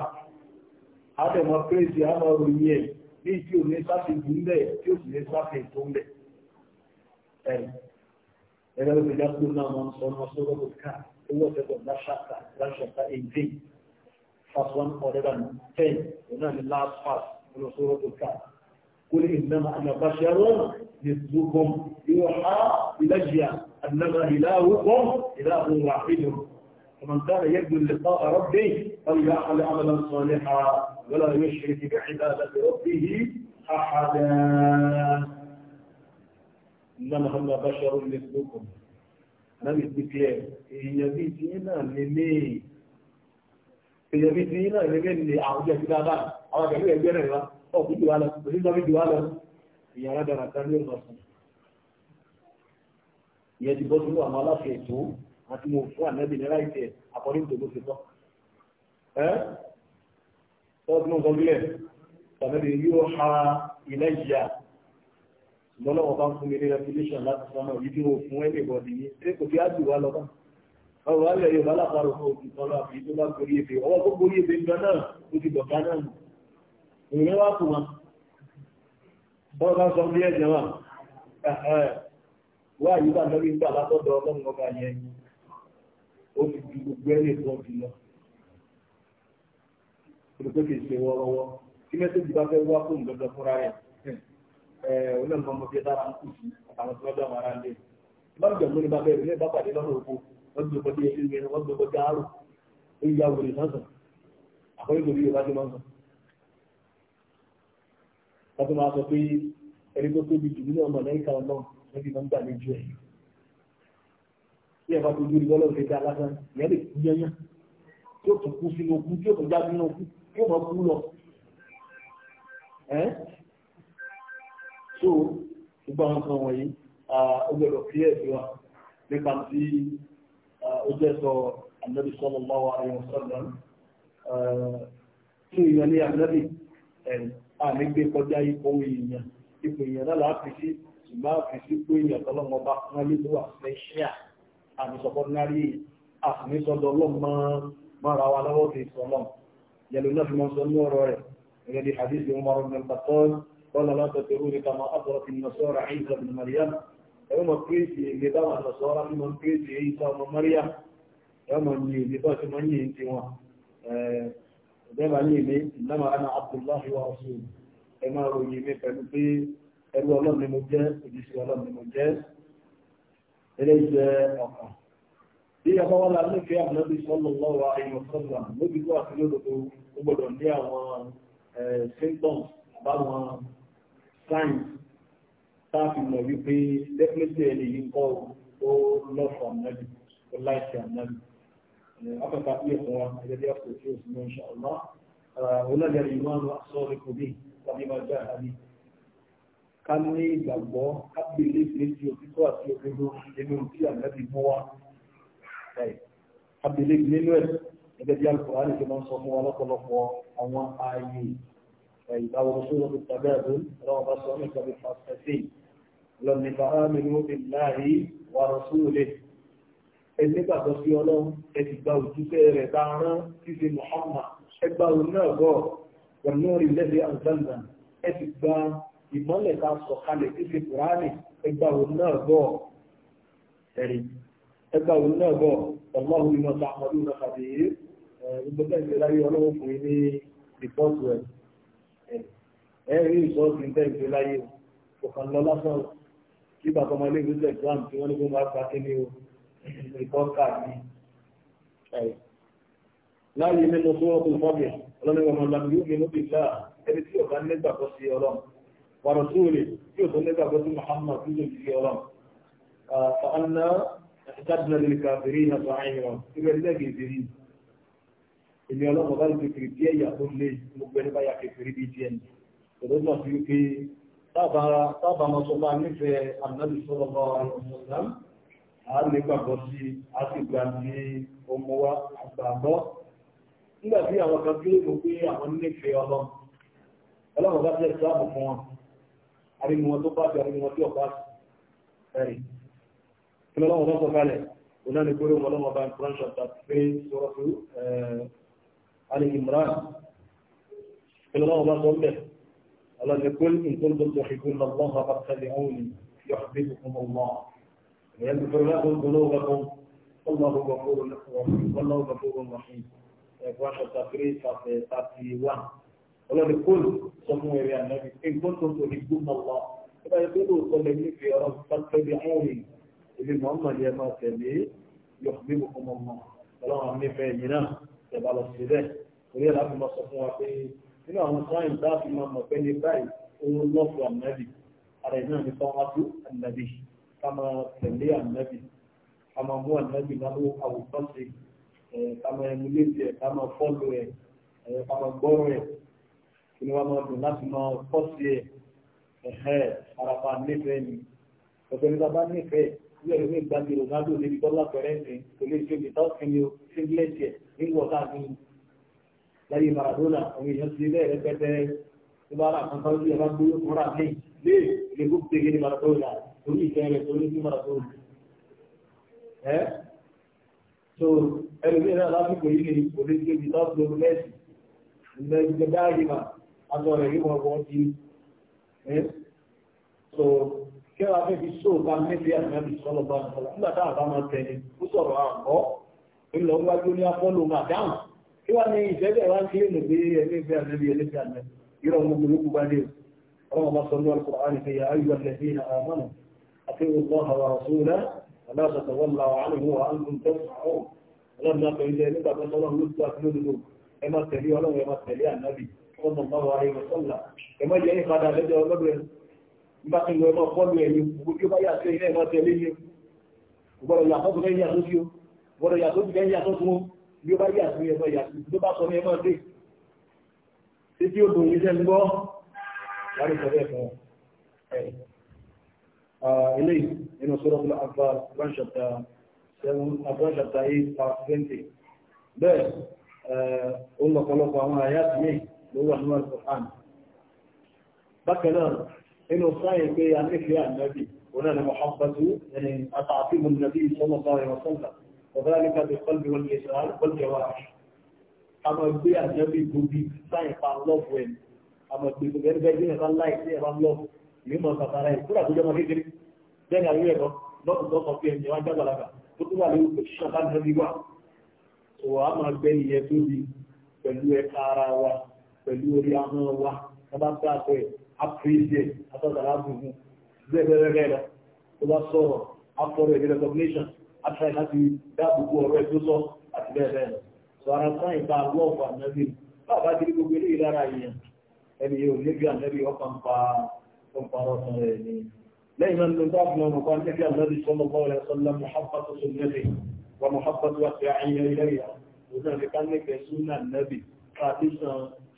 àtẹ̀mọ́ kírèsì àmọ́ ròyìn ẹ̀ ní tí ò ní sáfì jù ń bẹ̀ tí ò sì ní sáfì tó ń bẹ̀ ẹ̀rọ ló fi dá kúrò náà wọn sọ ọ́nà sọ́dọ̀ kò ká owó ọ̀tẹ̀kọ̀ láṣàkà láṣàkà èdè fast one hundred and ten òun ní last fast ọ̀nà sọ́dọ̀ kò ká قل إنما أنا بشر مثلكم يوحى إلي أنما إلهكم إله واحد ومن كان يرجو لقاء ربه فليعمل عملا صالحا ولا يشرك بعبادة ربه أحدا إنما هم بشر مثلكم نبي الدكلام يبي فينا لمي يبي فينا لمن اللي أعوجه كده بقى أو كده يبينا بقى أو في دوالا بس إذا في دوالا يا أو أنا كان يرضى يجب أن أعمل في àti mo fún ànábì ní láìpẹ́ àkọ́rí ìdòdó ti tọ́. ẹ́ tọ́wọ́ tí mo sọ bílẹ̀ tàbí yóò ha ilẹ̀ yíya ṣùgbọ́n lọ́wọ́ bá ń fún mi ní revolution láti sọ́nà yìí tí mo fún ẹ́ lè bọ̀ nìyí ṣé kò fi á jù wá lọ bá ọ̀rọ̀ wa lẹ̀ yorùbá lápárò fún òkú kan láàbí tó bá gorí ebè ọwọ́ tó gorí ebè gan náà ó ti dọ̀ká náà nù èèyàn wá kù wọn bọ́ọ̀ bá sọ bí ẹ̀jẹ̀ wà wá yìí bá lórí gbà látọ̀dọ̀ ọlọ́run ọba yẹn ó ti di gbogbo ẹ̀rẹ́ tó ti lọ. olùkọ́ kì í ṣe wọ́ọ́rọ́wọ́ tí mẹ́sẹ̀jì bá fẹ́ wá fóun gbọ́dọ̀ fúnra rẹ̀ onímọ̀ ọmọ bíi dára ń kù sí àtàwọn tí wọ́n dọ̀ wọn ara ń dé. ìbámu jẹ̀mú ni bàbá ìbílẹ̀ bá pàdé lọ́nà òkú wọ́n gbé ọkọ̀ díẹ̀ sílùú yẹn wọ́n gbé ọkọ̀ gáàrò ó yà wòlé sánsan àkọ́lé tó bí Yorùbá ti máa ń sọ. wọ́n tún máa sọ pé ẹni tó tóbi jù nínú ọmọ lẹ́yìn kan náà wọ́n ti máa ń gbàlejò ẹ̀ tí ẹ bá tó lórí lọ́lọ́ ìfẹ́ dáa lásán ìyẹn lè kú yányán tí ó tún kú sínú okú tí ó tún já sínú okú tí ó mọ̀ kú lọ. so gbogbo àwọn kan wọ̀nyí ó gbọ́dọ̀ fi ẹ̀ sí wa nípa tí ó jẹ́ sọ ànábì sallallahu alaihi wasallam tí èèyàn ní ànábì àmì gbé kọjá ipò èèyàn ipò èèyàn náà láàfin sí ṣùgbọ́n àfin sí pé èèyàn tọ́lọ́mọba wọn lé lówà fẹ́ àmìsọ̀kọ́dínárì àmìsọ̀dọ̀ ọlọ́mọ mọ́ra wa lọ́wọ́ kì í sọ lọ́m yẹlò náà fi mọ́ sọ ní ọ̀rọ̀ rẹ̀ gẹ́gẹ́ bí hadith Umar ibn al-Khattab qala la tatruni kama adrat an-nasara Isa Abdullahi wa rasul ẹ̀ ròyìn mi pẹ̀lú pé ẹrú ọlọ́run mo jẹ́ òjíṣẹ́ ọlọ́run mo jẹ́ eléyìí jẹ́ ọ̀kan bí ọmọ wọn la ní kí àbúlọ́bí sọ́lọ́ lọ́wọ́ àìmọ̀ sọ́lọ́ lóbi tó àti lódodo ó gbọ́dọ̀ ní àwọn symptoms àbáwọn signs tá a fi mọ̀ wípé definitely ẹni yìí ń kọ́ ó lọ́fọ̀ ànábì ó láìsí ànábì afẹ́ta pé fún wa ẹgbẹ́ bí ọkọ̀ tí ó sì mọ̀ ń ṣàlọ́ ọ̀nà ìdẹ̀rẹ̀ ìmọ̀ àwọn asọ́ọ̀rẹ́kọ̀ọ́bí tàbí máa jẹ́ àdábì ká ní ìgbàgbọ́ ká bí ilé méjì òtítọ́ àti òdodo nínú tí àgbẹ̀bí mú wa ká bí ilé nínú ẹ̀ gẹ́gẹ́ bí alùpùpù àti ìjọba ń sọ fún wa lọ́pọ̀lọpọ̀ àwọn ààyè ìbáwọ̀ sọ́dọ̀ tó tàbí àdó ọlọ́wọ́ bá sọ nípa bí fàṣẹsì lọ́nà ìbá àmìnú billahi wa rasulihi ẹni gbàgbọ́ sí ọlọ́run ìmọ́lẹ̀ ta sọ̀kalẹ̀ tí ṣe kùránì ẹgbà òun náà bọ̀ ẹ̀rìn ẹgbà òun náà bọ̀ ọlọ́run iná ta ọdún náà tàbí gbogbo tẹ̀sí láyé ọlọ́run fún ní rìpọ́ọ̀tù ẹ̀ ẹ̀rí ìṣọ́ọ̀sì ń tẹ̀sí ọ̀kan lọ lásán kí bàbá ọmọ ilé ìgbésẹ̀ exam tí wọ́n ní kó máa gba kí ni o rìpọ́ọ̀tù ẹ̀ láyé nínú tó ọkùnrin fọ́ọ̀mì ọlọ́run wàrọ̀ sí òlè tí ó tó lẹ́gbà gbọ́ sí Muhammad tó lè fi ọlọ́run fa'anna ìtàdínà lè kàfèrè ìhà tó àyìn wọn tí wọ́n lẹ́gbà ìbèrè èmi ọlọ́run bá lè fi bí ẹ̀yà tó lé gbogbo ẹni bá yà kékeré bí díẹ̀ ni ọ̀dọ́ náà fi wípé tábà máa sọ bá nífẹ̀ẹ́ ànábì sọ́rọ̀ bá wà lọ́sọ̀rọ̀ à á lè gbàgbọ́ sí a sì gbà ní ọmọ wa àgbàgbọ́ nígbà tí àwọn kan kéré mọ̀ pé àwọn nífẹ̀ẹ́ ọlọ́run ọlọ́run bá tẹ̀ sáàbù fún wọn àríwí wọn tó pàṣẹ àríwí wọn tí ọ̀pá ẹ̀rì kí lọ́wọ́ wọn sọ kalẹ̀ ọ̀nà ní kórè wọn lọ́wọ́ bá ń Quran chapter three sọ̀rọ̀ fún eh, Ali Imran kí lọ́wọ́ wọn sọ bẹ́ẹ̀ ọ̀nà ní kórè ní kórè tó tó ṣìkún lọ́wọ́ wọn bá tẹ̀lé òun ni yóò fi bí kún ọmọ ẹ̀yẹ ti fẹ́ lọ́wọ́ gbọ́lọ́wọ́ Allahu ghafurur rahim Allahu ghafurur rahim eh, Quran chapter three verse thirty one ọlọ́ni kóòlù sọ fún eré ànábi nǹkan tó ń tó ní gbóná wa ó bá yẹ pé lóòótọ́ lẹ níbi ọ̀rọ̀ pátẹ́lẹ̀ ọ̀rìn ìlú muhammad yẹn máa tẹ̀lé yọ̀kùnbí kòkó mọ́ mọ́ ọlọ́run nífẹ̀ẹ́ yìí náà tẹ̀bá lọ sí bẹ́ẹ̀ orí ẹ̀ láti máa sọ fún wa pé nínú àwọn sáyìn tá a fi máa mọ̀ pé ní báyìí ó lọ́ọ̀fù ànábi ara ẹ̀ ká máa kí ni wọ́n mọ̀ dùn láti mọ pọ́ sí ẹ̀ ẹ̀hẹ́ arapa nífẹ̀ẹ́ ni ọ̀gbẹ́ni bàbá nífẹ̀ẹ́ ilé ìwé ìgbàgbé Ronaldo níbi bọ́lá pẹ̀rẹ́ ní kò lè ṣe ìgbìtà òkèlè síngilẹ̀tì ẹ̀ ní wọ́tà ní lẹ́yìn Maradona àwọn èèyàn ti ilé rẹ̀ pẹ́pẹ́ tó bá rà kan sọ́jú ẹ̀rọ gbé múra ní lé ilé kó pege ní Maradona torí ìfẹ́ rẹ̀ torí ní Maradona. ẹ so ẹlòmíràn lásìkò yìí ni kò lè ṣe ìgbìtà òkèlè mẹ́sì aṣọ rẹ̀ yóò wọ́n wọ́n di ẹ́ so kí wọ́n fẹ́ fi ṣó bá níbi àmì sọ́lọ̀ bá ń sọ́lọ̀ nígbà táwọn bá máa tẹ̀lé ó sọ̀rọ̀ àkọ́ ńlọ wájú ní apọ́lò máa dáhùn kí wọ́n ní ìṣẹ́bẹ̀ wá ń kí lè gbé ẹlẹ́gbẹ́ àmì ẹlẹ́gbẹ́ àmì ìrọ̀ gbogbo ló kú bá dé ọlọ́run bá sọ ní ọ̀rọ̀ kọ̀ọ̀rọ̀ àti ìyá ayọ̀ lẹ́sìn àmọ́nà àti ìwọ̀n àwọn àṣúlẹ̀ aláṣọ̀tọ̀ ọlọ́run náà tẹ̀lé ọlọ́run ẹ má tẹ̀lé ànábì ọmọ báwa ayé lọ sọ́là ẹ̀mọ́ ìyẹn ní padà lẹ́jọ́ ọlọ́dọ̀ ẹ̀ nígbà tí ìwọ̀n ẹ̀mọ́ fọ́lù ẹ̀yìn gbogbo tí ó bá yà sí ilé ẹ̀mọ́ tẹ̀lé yẹn gbọ́dọ̀ yàtọ̀ tó lẹ́yìn àtúntì o gbọ́dọ̀ yàtọ̀ tó lẹ́yìn àtúntì o bí ó bá yà sí ẹ̀mọ́ yà sí tó bá sọ ní ẹ̀mọ́ dé títí ó dùn iṣẹ́ ń gbọ́ wárí sọ bẹ́ẹ̀ fún ẹ ilé nínú sọ́dọ̀ fún àgbà ránṣọ̀tà àgbàṣọ̀tà 8 past 20 bẹ́ẹ̀ ó lọ̀pọ̀lọpọ̀ àwọn àyà sí lówó àwọn alùpùpù bákan náà inú sáyẹn pé a nífẹ̀ẹ́ ànábì ونحن محبته يعني النبي صلى الله عليه وسلم وذلك بالقلب واللسان والجوارح أما يقول النبي بودي ساين فالله وين أما يقول غير غير الله يسير الله يما سفره كلا كل ما كذب ده يعني يبغى نقول نقول في الجوار ده ولا كذا كتبوا له شغال النبي وا وأما يقول يسودي بلوه كاراوا pẹ̀lú orí ahọ́n wa tó bá gbà pé appreciate atọ́tara gbogbo bẹ́ẹ̀bẹ́ẹ̀rẹ́ lọ tó bá sọ̀rọ̀ afọ́rọ̀ èdè recognition atrai láti dáàbòbò ọ̀rọ̀ ẹ̀ tó sọ àti bẹ́ẹ̀bẹ́ẹ̀ lọ sọ ara sáà ìta lọ́ọ̀fù ànábì bàbá kiri gbogbo ilé ìlara èèyàn ẹni yóò níbi ànábì ọkàn pa ọ̀pọ̀rọ̀ ọ̀sán rẹ̀ ni lẹ́yìn náà ló bá fi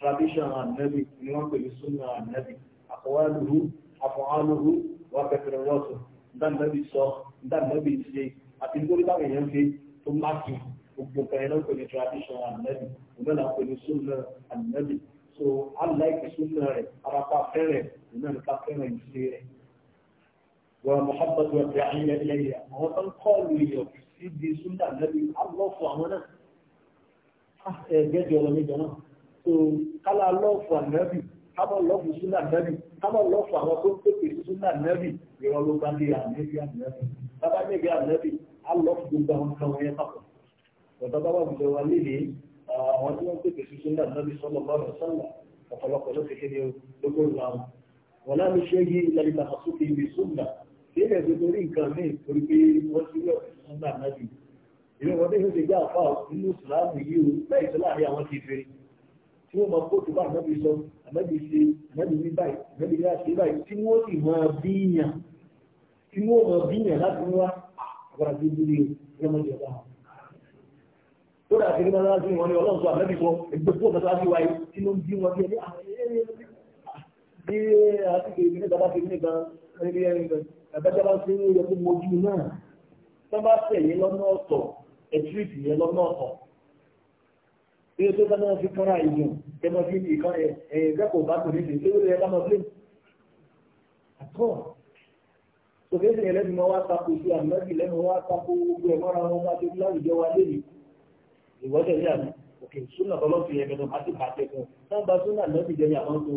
tradition ànẹ́bì ni wọ́n pè ní súnà ànẹ́bì àfọwálùú àfọwálùú wà pẹ̀pẹ̀rẹ̀ rọ́ọ̀tù ìdánilẹ́bì sọ ìdánilẹ́bì ṣe àti nítorí táwọn èèyàn fi tó máàkì gbogbo kan ẹ̀rọ pè ní tradition ànẹ́bì òun náà pè ní súnà so aláìkì súnà rẹ̀ arapa fẹ́rẹ̀ òun náà nípa fẹ́rẹ̀ ìṣe rẹ̀ wà mọ̀hábàtì wà bíi àyẹ̀yẹ̀ ẹ̀yẹ̀ àwọn tó ń kọ́ lu èèyàn sí di súnà ànẹ́bì á fún àwọn náà ah, so kálá lọ́ọ̀fù ànábì kábọ̀ lọ́ọ̀fù súnà ànábì kábọ̀ lọ́ọ̀fù àwọn tó ń pèpè súnà ànábì ìrọ̀ ló bá lé ànábì ànábì bàbá níbi ànábì á lọ́ọ̀fù gbogbo àwọn kan wọ́n yẹn papọ̀ ọ̀dọ́ bàbá mi lọ́wọ́ léde àwọn tí wọ́n pèpè súnà ànábì sọ́lọ́ bọ́ọ̀rọ̀ sọ́lọ́ ọ̀pọ̀lọpọ̀ ló kékeré lógóòrò àwọn wọn láti ṣe yí ìlànà àsókè ibi súnà ìbílẹ̀ tó torí nǹkan ní torí pé wọ́n ti lọ súnà ànábì ìrìn wọn bí ó ti gbé àfáà nínú tí wọ́n máa kóòtù bá ànábì sọ ànábì ṣe ànábì ní báyìí ànábì ní àṣẹ báyìí tí wọ́n sì máa bíyàn tí wọ́n máa bíyàn láti wá àgbàrá tó dúró lọ́mọdé ọ̀gá wọn. tó dà sí nígbà láti wọn ni ọlọ́run sọ ànábì sọ ẹgbẹ́ tó kọsá sí wáyé tí ló ń bí wọn bí ẹni àṣẹ àti èmi nígbà láti ní ìgbà ẹni ẹni ẹgbẹ́jọ́ bá ṣe é yẹ lọ́nà ọ̀tọ̀ ẹ̀ ilé tó bá náà fi kọ́ra ìyẹn tẹmọ fi ìkan ẹ̀ẹ́dẹ́kọ̀ bá tò ní ìṣe lórí ẹ̀ka máa blame àtọ́ òkèèsì yẹn lẹ́nu wa tako sí àmọ́bí lẹ́nu wa tako gbogbo ẹ̀ mọ́ra wọn bá tóbi láwùjọ wa lé yìí ìwọ́jọ́ yà mí òkè súnà ọlọ́sìn yẹn mẹ́nu àti bàtẹ́ fún un náà bá súnà lọ́sìn jẹ́ yàrá tó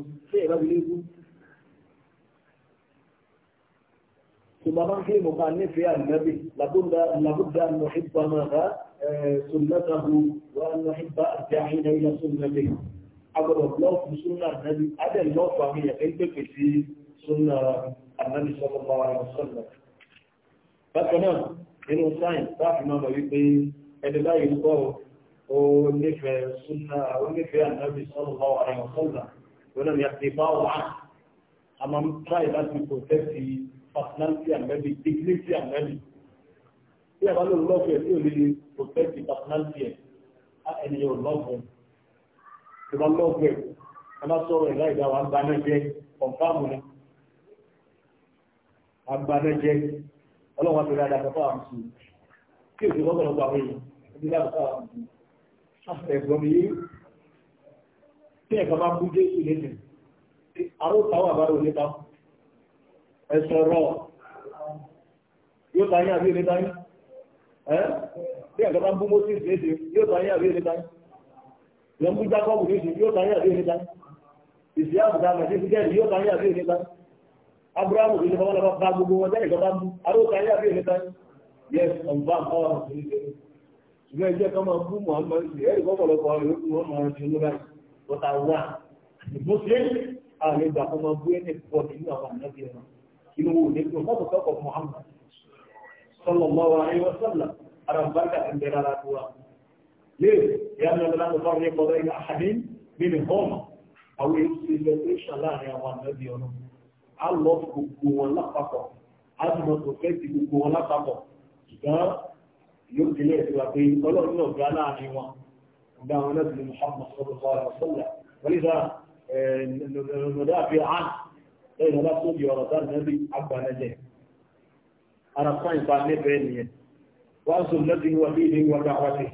ثم من في مقال في النبي لابد لابد ان نحب ماذا آه، سنته وان نحب الداعين الى سنته اقرب الله في سنه النبي هذا الله فهمي كيف في سنه النبي صلى الله عليه وسلم فكنا انه ساين صاحب ما بيبي ان لا يلقى ونفى سنة ونفى النبي صلى الله عليه وسلم ولم يقتفاوا عنه اما try that we personality àmẹ́lì dignity àmẹ́lì tí a bá lò lọ́ọ̀fù ẹ̀ tí ò lè protect the personality ẹ̀ á ẹnìyàn ò lọ́ọ̀fù ẹ̀ tí wọ́n lọ́ọ̀fù ẹ̀ a bá sọ̀rọ̀ ẹ̀ láì dá wa ń gba kọ̀ǹfàmù ni a gba náà jẹ́ ọlọ́run wa ti rí adàpọ̀ fáwọn mùsùlùmí kí èsì lọ́gbọ̀n lọ́gbọ̀ àwọn èèyàn ẹbí láti fáwọn mùsùlùmí àfẹ̀gbọ́n mi yé tí ẹ̀ka bá bú Jésù nílẹ̀ ẹ sọ̀rọ̀ yóò ta yín àbí ilé ta yín ẹ́ bí ẹ̀ka bá ń bú moses léde yóò ta yín àbí ilé ta yín yọ ń bú jákọ́bù léde yóò ta yín àbí ilé ta yín ìsì àbùdá àmàṣe ti jẹ́rìí yóò ta yín àbí ilé ta yín abrahamu ló ní bàbá lọ́ba bá gbogbo wọn jẹ́rìí bàbá bú aróò àbí ilé yes ọ̀nbá àwọn ọ̀sẹ̀ ṣùgbọ́n ẹjẹ́ kan máa bú muhammadu ẹ̀rí kọ́kọ̀lọ́kọ̀ ọ̀rẹ́ òkú wọn máa ṣe ló báyìí bọ́tà wà mùsùlùmí inú wo ní kí wọ́n tó kọ́ Muhammad sallallahu alaihi wa sallam ara barka ń bẹ̀rẹ̀ ara tó wa léèrè ìyá mi ọ̀dọ́ láti fọ́ọ̀rọ̀ yẹn kọ́dọ̀ ìyá àhàdín nínú họ́ọ̀mù àwọn èyí ti lọ sí ìṣàláàrin àwọn àmọ́bí ọ̀nà á lọ gbogbo wọn lápapọ̀ á ti mọ̀ tó fẹ́ ti wọn lápapọ̀ ṣùgbọ́n yóò délé láàrin wọn gbá wọn náà ti lè Muhammad sallallahu alaihi wa sallam lẹ́yìn ọba tó di ọ̀rọ̀ sáà nẹ́bí agbanẹ́jẹ ara fún ìpa nífẹ̀ẹ́ nìyẹn wá sọ lẹ́bí wà ní ìlú wọn náà wáṣẹ.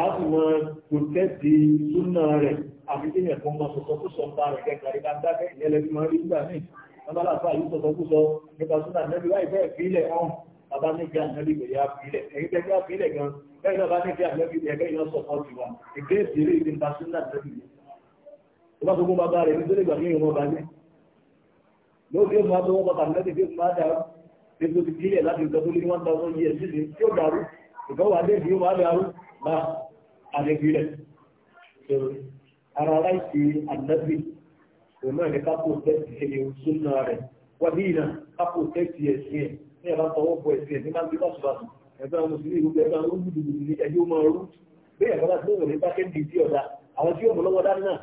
a sì mọ pòtẹ́tì súnà rẹ̀ àfi kí ẹ̀kọ́ máa sọ̀tọ̀ kó sọ ń bá rẹ̀ kẹ́kẹ́ rí dáadáa kẹ́kẹ́ lẹ́bí máa rí gbà mí ọmọláfà yìí sọ̀tọ̀ kó sọ nípa súnà nẹ́bí wáyé bẹ́ẹ̀ fi ilẹ̀ hàn bàbá nífẹ̀ẹ́ ànẹ́bí bẹ̀rẹ̀ àfilẹ̀ ẹ̀yìn tẹ́gbẹ́ àfilẹ̀ gan bẹ́ẹ̀ náà bá nífẹ̀ẹ́ ànẹ́bí bẹ̀rẹ̀ bá tó gún bàbá rẹ̀ ní tó lè gbà ní ìwọ̀n bá ní lóògbé máa tó wọ́n bàbá ní láti fi máa dàrú ní tó ti kílẹ̀ láti nǹkan tó lé ní one thousand years sí tí ó dàrú ìkan wà dẹ́ẹ̀dì yóò máa dàrú bá àdẹ́bí rẹ̀ ara láìsí àdẹ́bí òun náà ní kápò tẹ́sì ṣe ní súnà rẹ̀ wà ní ìlà kápò tẹ́sì ẹ̀sìn ẹ̀ ní ẹ̀bá tọwọ́ bọ ẹ̀sìn ẹ̀ ní máa ń gbé bàtùbàtù ẹ̀bá mùsùlùmí ìlú ẹ̀bá rú gbùdùgbùdù ní ẹ̀yọ́ máa rú bẹ́ẹ̀ bá tó wọlé bá kéńdì sí ọ̀dà àwọn tí ó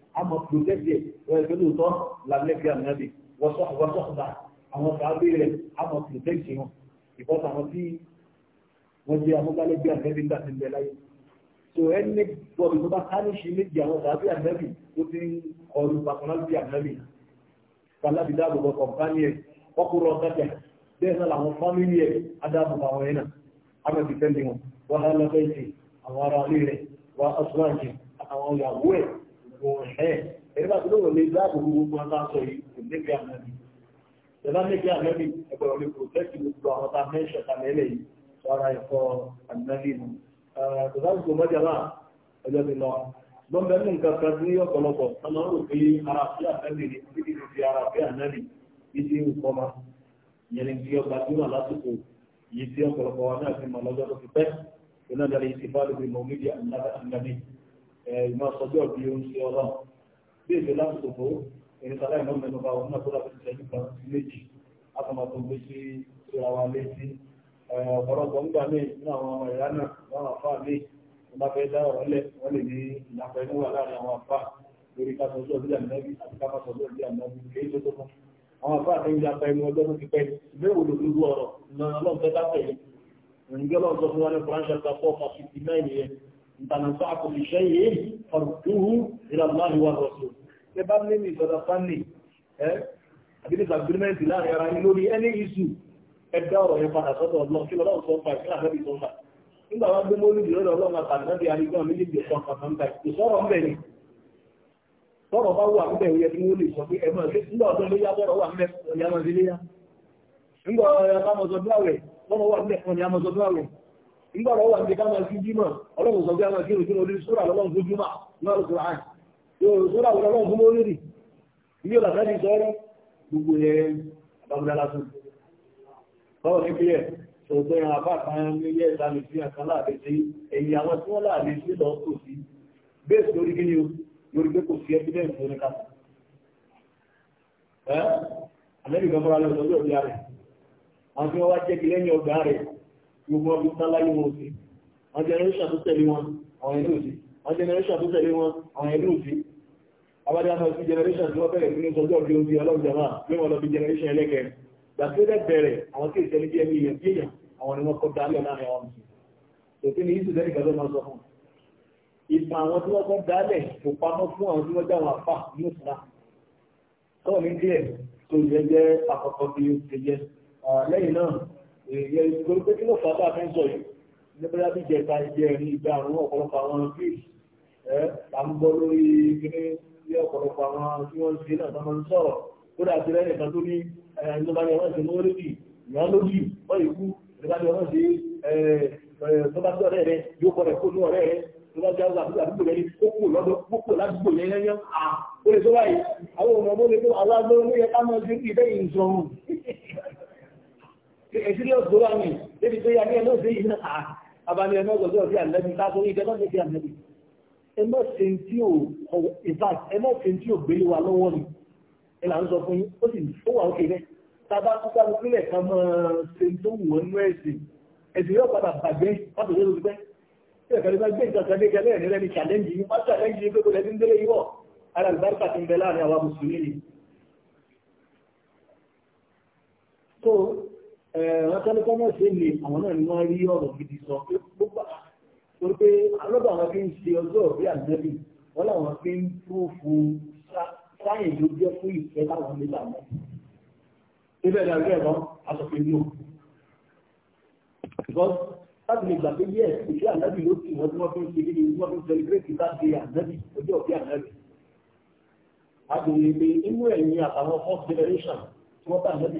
àmọ́ pòtẹ́tì ẹ̀ ẹ̀ pẹ̀lú tọ́ làmẹ́bí ànábì wọ́sọ̀gbà àwọn sàábì rẹ̀ àmọ́ pòtẹ́tì wọn ìfọ́sọ̀ àwọn tí wọ́n jẹ́ amúgbálẹ́bí ànábì nígbà tí ń bẹ láyé so ẹni bọ́ọ̀lù tó bá tánìṣì méjì àwọn sàábì ànábì tó ti ń kọlu pàtàkì ànábì pàtàkì dáàbòbò kọ̀ǹpánì ẹ̀ ọkùnrin ọ̀gájà bẹ́ẹ̀ náà làwọn fámìlì ẹ̀ adáàbòbò àwọn ẹ̀ náà àmọ́ wàhálà bẹ́ẹ̀ àwọn ará ilé rẹ̀ wà á sọ́ọ̀jì àtàwọn ìyàwó ẹ̀ ẹ̀ ẹ̀rẹ́bà tó lóòrò lè dáàbò gbogbo ọba sọ yìí kò lẹ́gbẹ̀ẹ́ àmọ́bí ìjọba lẹ́gbẹ̀ẹ́ àmọ́bí ẹgbẹ̀rún lè protect gbogbo àwọn ọba mẹ́ṣọ̀ kàlẹ́lẹ̀ yìí sọ́ra ẹ̀kọ́ àmọ́bí nù kòtà gbogbo mọ́jà náà ọjọ́ ti lọ gbọ́n bẹ́ẹ̀ ní nǹkan kan ní ọ̀pọ̀lọpọ̀ ọmọ rò pé ara sí àmọ́bí ni títí ti fi ara fẹ́ àmọ́bí yìí ti ń kọ́ ma ìyẹn ni ti ọgbà tí wà lásìkò yìí ti ọ̀pọ̀lọpọ̀ wa náà fi mọ̀ lọ́jọ́ tó ti pẹ́ ìnáda lè ti bá lóbi mọ̀ mídíà àmọ́bí ìmọ̀ sọjọ́ bí o ń ṣe ọlọ́run bí èdè láti tòfó ẹni sọlá ìmọ̀ mẹ́nu bá wọn náà tó láti ṣẹ́jú kan sí méjì látọmọtò gbé sí ìra wa létí ọ̀pọ̀lọpọ̀ ńgbà míì nínú àwọn ọmọ ìyá náà wọn àfa míì wọn bá fẹ́ dá ọ̀rọ̀ lẹ̀ wọ́n lè ní ìlàpẹ́ níwà láàrin àwọn àfa lórí ká sọjọ́ bí ànábì àti ká má sọjọ́ bí ànábì kéé tó tó fún àwọn àfa àti ìyá ìtànàṣọ́kùn iṣẹ́ yìí ọ̀rùn ìlàláhì wà rọ̀sù ẹ bá lè ní ìsọ̀dá fánì ẹ́ àbílẹ̀ agreement láàrin ara ní lórí ẹni ìsù ẹgbẹ́ ọ̀rọ̀ yẹn padà sọ́dọ̀ ọlọ́run kí lọ́wọ́ sọ fà ìpínlẹ̀ àbẹ́bí sọ fà nígbà wá gbé mọ́lú ìlú lọ́dọ̀ ọlọ́run àtàlẹ́bí arígbọ́n méjèèjì ẹ̀sọ́ kàkàn báyìí kò sọ̀rọ̀ wà níbẹ̀ yẹ kí wọ́n lè sọ pé ẹ̀mọ́ ṣe nígbà ọdún ló yá bọ́rọ̀ wà níbẹ̀ ọ̀yà mọ̀ sí léyà nígbà ọ̀yà bá mọ̀ sọ nígbàrá wà ní káàmà sí jímọ̀ ọlọ́run sọ pé a máa kí òjò lórí sóra lọ́lọ́run fún jímọ̀ náà lọ́sọ̀ àìn yóò sóra lọ́lọ́run fún lórí rì ní ọ̀là sáà ti sọ gbogbo ẹ̀ babúlá lásán báwo ní bí ẹ̀ sọ̀tọ̀ ẹ̀ àbá kan ní yẹ́ ìlànà sí àkan láàbẹ̀ sí ẹ̀yìn àwọn tí wọ́n láàbẹ̀ sí lọ kò sí bẹ́ẹ̀ sí lórí kíni o lórí pé kò sí evidence lórí ká gbogbo ọbí tán láyé wọn òsì wọn generation tó tẹ̀lé wọn àwọn ẹni òsì wọn generation tó tẹ̀lé wọn àwọn ẹni òsì abájá náà sí generation tí wọ́n bẹ̀rẹ̀ sí ní sọjọ́ bí ó di ọlọ́gbàmá pé wọ́n lọ bí generation ẹlẹ́gẹ̀ gbàtúndẹ̀ bẹ̀rẹ̀ àwọn tí ìṣẹ́ni bí ẹni èèyàn bíyàn àwọn ni wọ́n kọ́ dálẹ̀ láàrin àwọn mùsùlùmí òfin ni yíṣù sẹ́nìkan ló máa sọ fún ìtàn àwọn tí wọ́n kọ́ dálẹ̀ kò pamọ́ fún àwọn tí wọ́n já wọn àpá ní òṣùlá tọ́ ní díẹ̀ tó yẹ èyẹ ìgbòrò pé kí ló fàá bá fẹ́ sọ yìí nígbàdá bí jẹta ìjẹ rí ìgbà àrùn ọ̀pọ̀lọpọ̀ àwọn greece ẹ là ń gbọ́ lórí kíní ní ọ̀pọ̀lọpọ̀ àwọn tí wọ́n ṣe náà tọ́mọ ń sọ̀rọ̀ kó dà sí lẹ́yìn kan tó ní ìjọba ni wọ́n ṣe mọ́rẹ́dì ìyá lójì wọ́n ikú ìjọba ni wọ́n ṣe tó bá sí ọ̀rẹ́ rẹ yóò kọ́ rẹ̀ kó ní ọ̀rẹ́ rẹ tó bá jẹ́ àdúgbò rẹ ní kókò lọ́dọ̀ kókò ládùúgbò yẹn yẹn yẹn à ó lè tó báyìí àwọn ọmọ ọmọ lè tó alágbó ló yẹ ká mọ sí ìdẹ́yìn sọ̀rùn èsì lè gbó wà mí débi pé yà ní ẹ lọ́sẹ̀ yìí náà abàmì ẹ̀ mọ́gbọ̀dọ̀ sí àlẹ́bí ká sórí ìjọba ní ti àlẹ́bí ẹ mọ́ ṣe tí ò ìfàt ẹ mọ́ ṣe tí ò gbélé wa lọ́wọ́ ni ẹ là ń sọ fún yín ó sì ó wà ókè bẹ́ẹ̀ tábà kúkà ló sílẹ̀ kan mọ́ ṣe tó wù ọ́ nú ẹ̀sìn ẹ̀sìn yóò padà bàgbẹ́ pàtó challenge yìí wọ́n challenge yìí gbogbo ẹ̀sìn délé yìí wọ̀ ara àlùbáríkà ti ń bẹ láàrin wọ́n tẹ́lẹ̀ kọ́mọ̀sí ni àwọn náà ni wọ́n rí ọ̀rọ̀ gidi sọ pé gbogbo torí pé lọ́dọ̀ àwọn fi ń ṣe ọjọ́ òbí àgbẹ̀bí wọ́n làwọn fi ń púrúfù sáyìn ló jẹ́ fún Because láti lè gbà pé yẹ ìṣe àgbẹ̀bí ló ti wọ́n tí wọ́n fi ń ṣe kíni wọ́n fi ń celebrate that day àgbẹ̀bí ọjọ́ òbí àgbẹ̀bí. A bèèrè pé inú ẹ̀yìn àtàwọn fourth generation tí wọ́n bá àgbẹ̀bí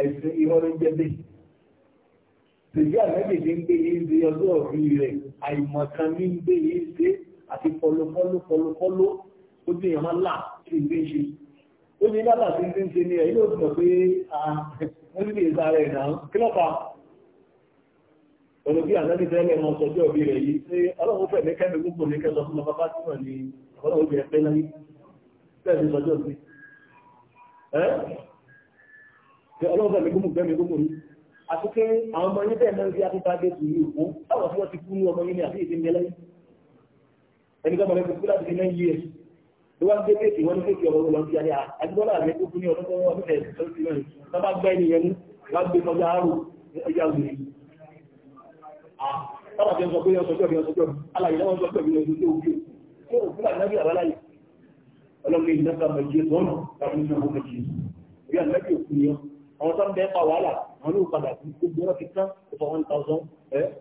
ẹ̀sìn ìwọ́n ló ń jẹ́ bẹ́ẹ̀. Tèmi àgbẹ̀dẹ̀dẹ̀ ń gbé yé ń gbé ọdún ọ̀rìn rẹ̀, àìmọ̀kan ní ń gbé yé ń gbé àti pọlọpọlọ pọlọpọlọ ó dé ìyàmá là tí ń gbé ṣe. Ó ní lábà tí ń gbé ń ṣe ni ẹ̀yìn òtún pé wọ́n ní ìta rẹ̀ náà kí ló pa. Ọ̀nà bí àtẹ́ni tẹ́lẹ̀ mọ sọjọ́ òbí rẹ̀ yìí pé ọlọ́run fẹ̀ ní kẹ́mi gbogbo ní kẹ́sọ fún ọba Fátímọ̀ ni ọlọ́run pé ọlọ́gbà mi gbóngbò gbẹ́mi gbóngbò mi àti pé àwọn ọmọ yín bẹ́ẹ̀ náà ń fi afẹ́fẹ́ gbé tu ní òkú báwọn tí wọ́n ti fún ọmọ yín ní àbí èdè mẹ́lẹ́ ẹni tó mọ̀lẹ́kùn kú láti fi náà yí ẹ̀ tó wá gbé kéèkì wọn ní kéèkì ọ̀rọ̀ lọ sí alẹ́ àdúgbọ́lá mi tó fún bí àgbẹ̀bí òkú ni ọ́ àwọn tó ń bẹ́ẹ̀ pa wàhálà àwọn yóò padà sí gbogbo ọ̀rọ̀ fi tán ọ̀pọ̀ one thousand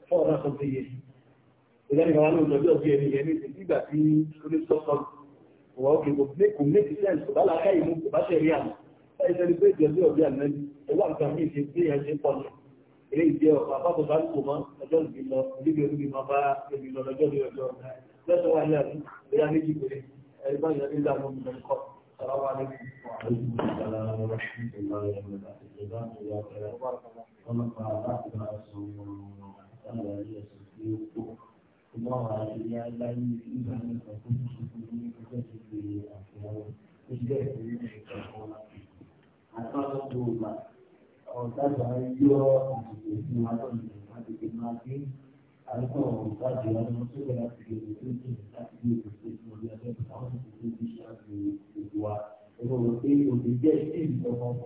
four hundred something years. ìdáni kan wà ní òjòjú ọ̀bí ẹni yẹn ní ìsìn nígbà tí ó ní sọ́kọ́ wà ó kì kò méjì sẹ́ǹ kò bá láàká ìmú kò bá ṣe rí àmì láì sẹ́ni pé ìjọba ọ̀bí àná ẹwà nǹkan mí ṣe bí ìyẹn ṣe ń pọ̀ ilé ìjẹ ọ̀pọ̀ àpapọ̀ bá kò mọ́ ọjọ́ ìbí lọ olúbi olúbi máa bá ẹbí lọ lọ́jọ́ ìrọ̀lọ́ lọ́sọ̀ wà ní ìyá méjì péré ẹgbẹ́ ìyá nígbà mọ́ mi lọ́kọ̀ọ́ السلام عليكم وعليكم السلام ورحمة الله وبركاته جزاك الله خيرا ونفع الله برأسه وعلى آله وصحبه الله عليه لا يمكن أن يكون شكري وكتبه أفعاله إجابة للشيطان أتعرض الله أو تدعي يوم أن يكون هذا المكان algo está llevando no solo a la civilización, está pidiendo que se volviera a hacer trabajo de justicia individual. Pero lo que yo diría es que como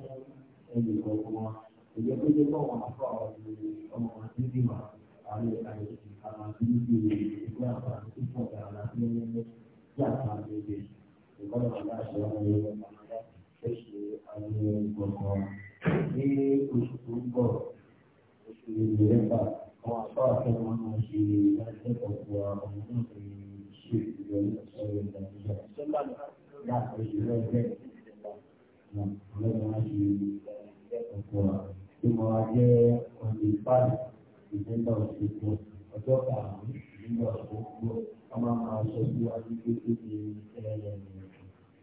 en el como yo creo que como una forma de como una víctima a la que a la víctima de la participación de la nación de la familia de cuando la nación de la familia es a mí como y pues un poco es directa àwọn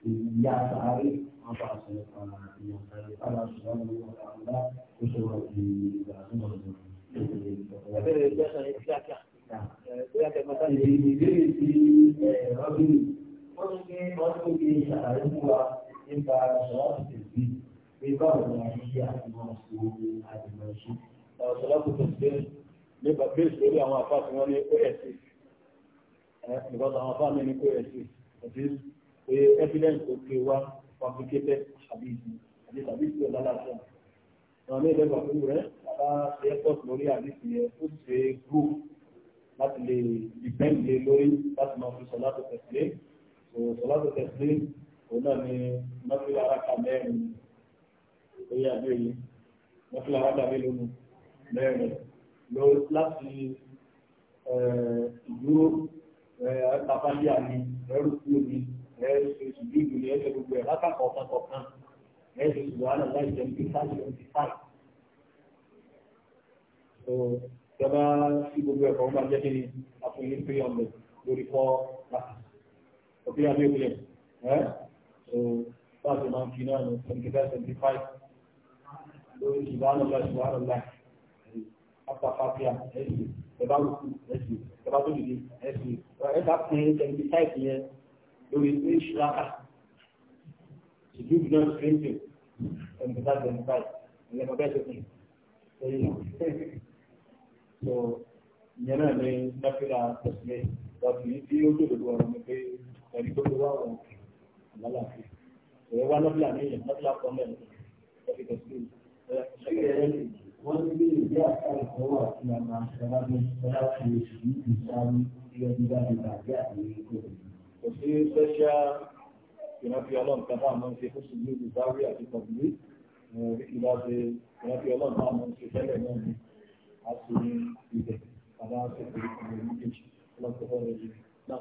ìyá sáré wọn bá sọ ìyá sáré fáwọn aṣọ ìgbà tó wọn lọ. Ìbéèrè ti Rọ́bìnì, wọ́n ní kí wọ́n tó fi ṣàlàyé fún wa nípa ṣọ́ọ̀tù tẹ̀sí pé báwo ni a ṣe àtìmọ̀ sí àtìmọ̀ sí. Ṣọ́ọ̀tù tẹ̀sí nípa bí ìṣòro àwọn afá tí wọ́n ní OSC. Because àwọn afá mi ní OSC, that is, pé evidence tó ké wá fabricated àbí ìdí, àbí tàbí ìṣòro lálàáfíà àwọn ilé ẹ̀gbọ́n pẹ̀lú rẹ̀ bàbá ṣe airport lórí àdìsí yẹn ó ṣe group láti lè depend lé lórí láti máa fi sọlá tó tẹ̀sílẹ̀ sọlá tó náà ni mọ́fílà aráka mẹ́rin lórí àdúrà yìí mọ́fílà aráka mẹ́rin mẹ́rin lọ láti ìdúró bàbá yà ni ẹrú kúrò ni ẹ ṣe ìdúró ni ẹ ṣe gbogbo ẹ̀ lákàkọ̀ọ̀kan kọ̀ọ̀kan ẹ̀sìn wàhálà láì twenty five twenty five. so ìjọba sí gbogbo ẹ̀kọ́ máa jẹ́ kí ni a fún yín three hundred lórí four classes. òbí abẹ́ òkúlẹ̀ ẹ́ so báàsì máa ń fi náà ní twenty five twenty five lórí ìwàhálà láì ìwàhálà láì apá fàfíà ẹ̀sìn ẹ̀bá òkú ẹ̀sìn ẹ̀bá tó dìde ẹ̀sìn ẹ̀ka pín twenty five yẹn lórí three ṣáàkà to do blood drinking and without them fight. And then my best thing. So, you know. so, ìyẹn náà ni nàfìlà tẹ̀sílẹ̀ wàtí ní tí ó dòdò ọ̀rọ̀ ni pé ẹni tó ti wá ọ̀rọ̀ àlálàáfíà. Ìyẹn wá nàfìlà ní ìyẹn nàfìlà kan náà ẹ̀fì tẹ̀sílẹ̀. Wọ́n ní bí ìdí àkàrà tó wà sí àmà ìṣẹ́lá ní ìṣẹ́lá fi oṣù yìí ti sáré ilé ẹgbẹ́ bá ti bàjẹ́ àti ìgbẹ́. Kò sí special ìrántí ọlọ́run kan náà máa ń ṣe fún sùn ní olùdarí àti kọ̀bùlé ìlà ṣe ìrántí ọlọ́run náà máa ń ṣe tẹ́lẹ̀ náà ni a sì ní ibẹ̀ bàbá ń ṣe pé ìwé méjèèjì ọlọ́run tó rẹ̀ yìí náà.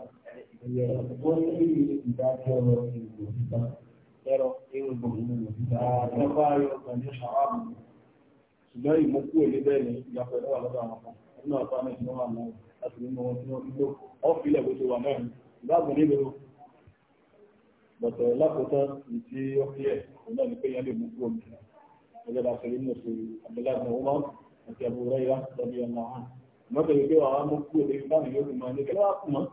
wọ́n ní ìdájọ́ ìwò nígbà ẹ̀rọ ìwò ìwò nígbà ẹ̀rọ ayọ̀ kan ní ṣàwámù ṣùgbọ́n ìmúkú èlé bẹ́ẹ̀ ni ìyàpẹ̀ náà lọ́dọ̀ àwọn kan nínú àpá náà ti wọ́n wà náà láti nínú wọn tí wọ́n ti lò ọ́ fílẹ̀ bó ṣe wà náà ìbáàbò nílò bọ̀tọ̀ uh, lákòótọ́ tí ó kílẹ̀ òun náà ní pé yẹn lè mú kúrò mi ẹgbẹ́ bá sọ̀rọ̀ nínú sí abdullahi bin umar àti abu rayra lọ́dún yẹn náà hàn mọ́tò yìí pé wàá mú kúrò lórí báwọn yóò fi máa ní kí wọ́n kùmọ̀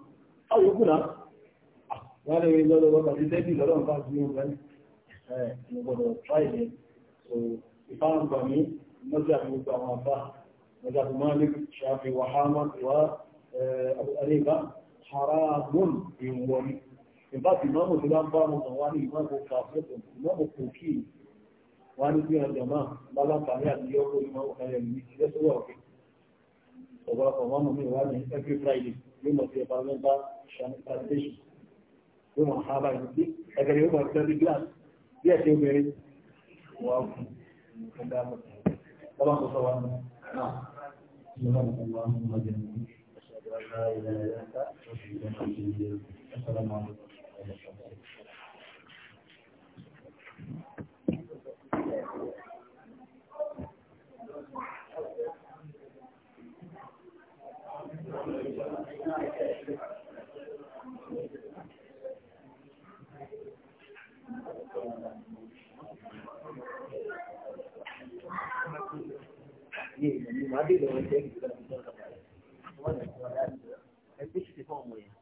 àwọn yòókù náà wọ́n lè lọ́dọ̀ lọ́dọ̀ àti tẹ́bí lọ́dọ̀ nǹkan àti yóò rẹ̀ ẹ̀ mo gbọ́dọ̀ tíráìdì so ìfáwọn gbà mí mọ́tò àti gbogbo àwọn àbá mọ́tò àti malik ṣàfi wàhámà wà abu aliba haramun ìwọ̀n ìbá ti mọ́mù tó bá ń bá wọn wá ní ìmọ́mù kàfẹ́tọ̀ ìmọ́mù kò kí wá ní bí ọjà máa bá láǹfààní àti ọkọ̀ ìmọ̀mù ẹ̀yẹ̀ ní ti lẹ́sọ̀rọ̀ ọ̀kẹ́ ọ̀pọ̀lọpọ̀ mi wá ní every Friday yóò mọ̀ sí ẹ̀fà mẹ́ta sanitation yóò mọ̀ ha báyìí sí ẹgbẹ̀rẹ̀ yóò mọ̀ sí ẹbí glass bí ẹ̀ṣẹ̀ obìnrin wà ó fún ẹgbẹ́ àmọ́ ọlọ́run tó sọ wá náà Assalamu alaikum. Ni, ni madi lo, ni, ni, ni, ni, ni, ni, ni, ni, ni,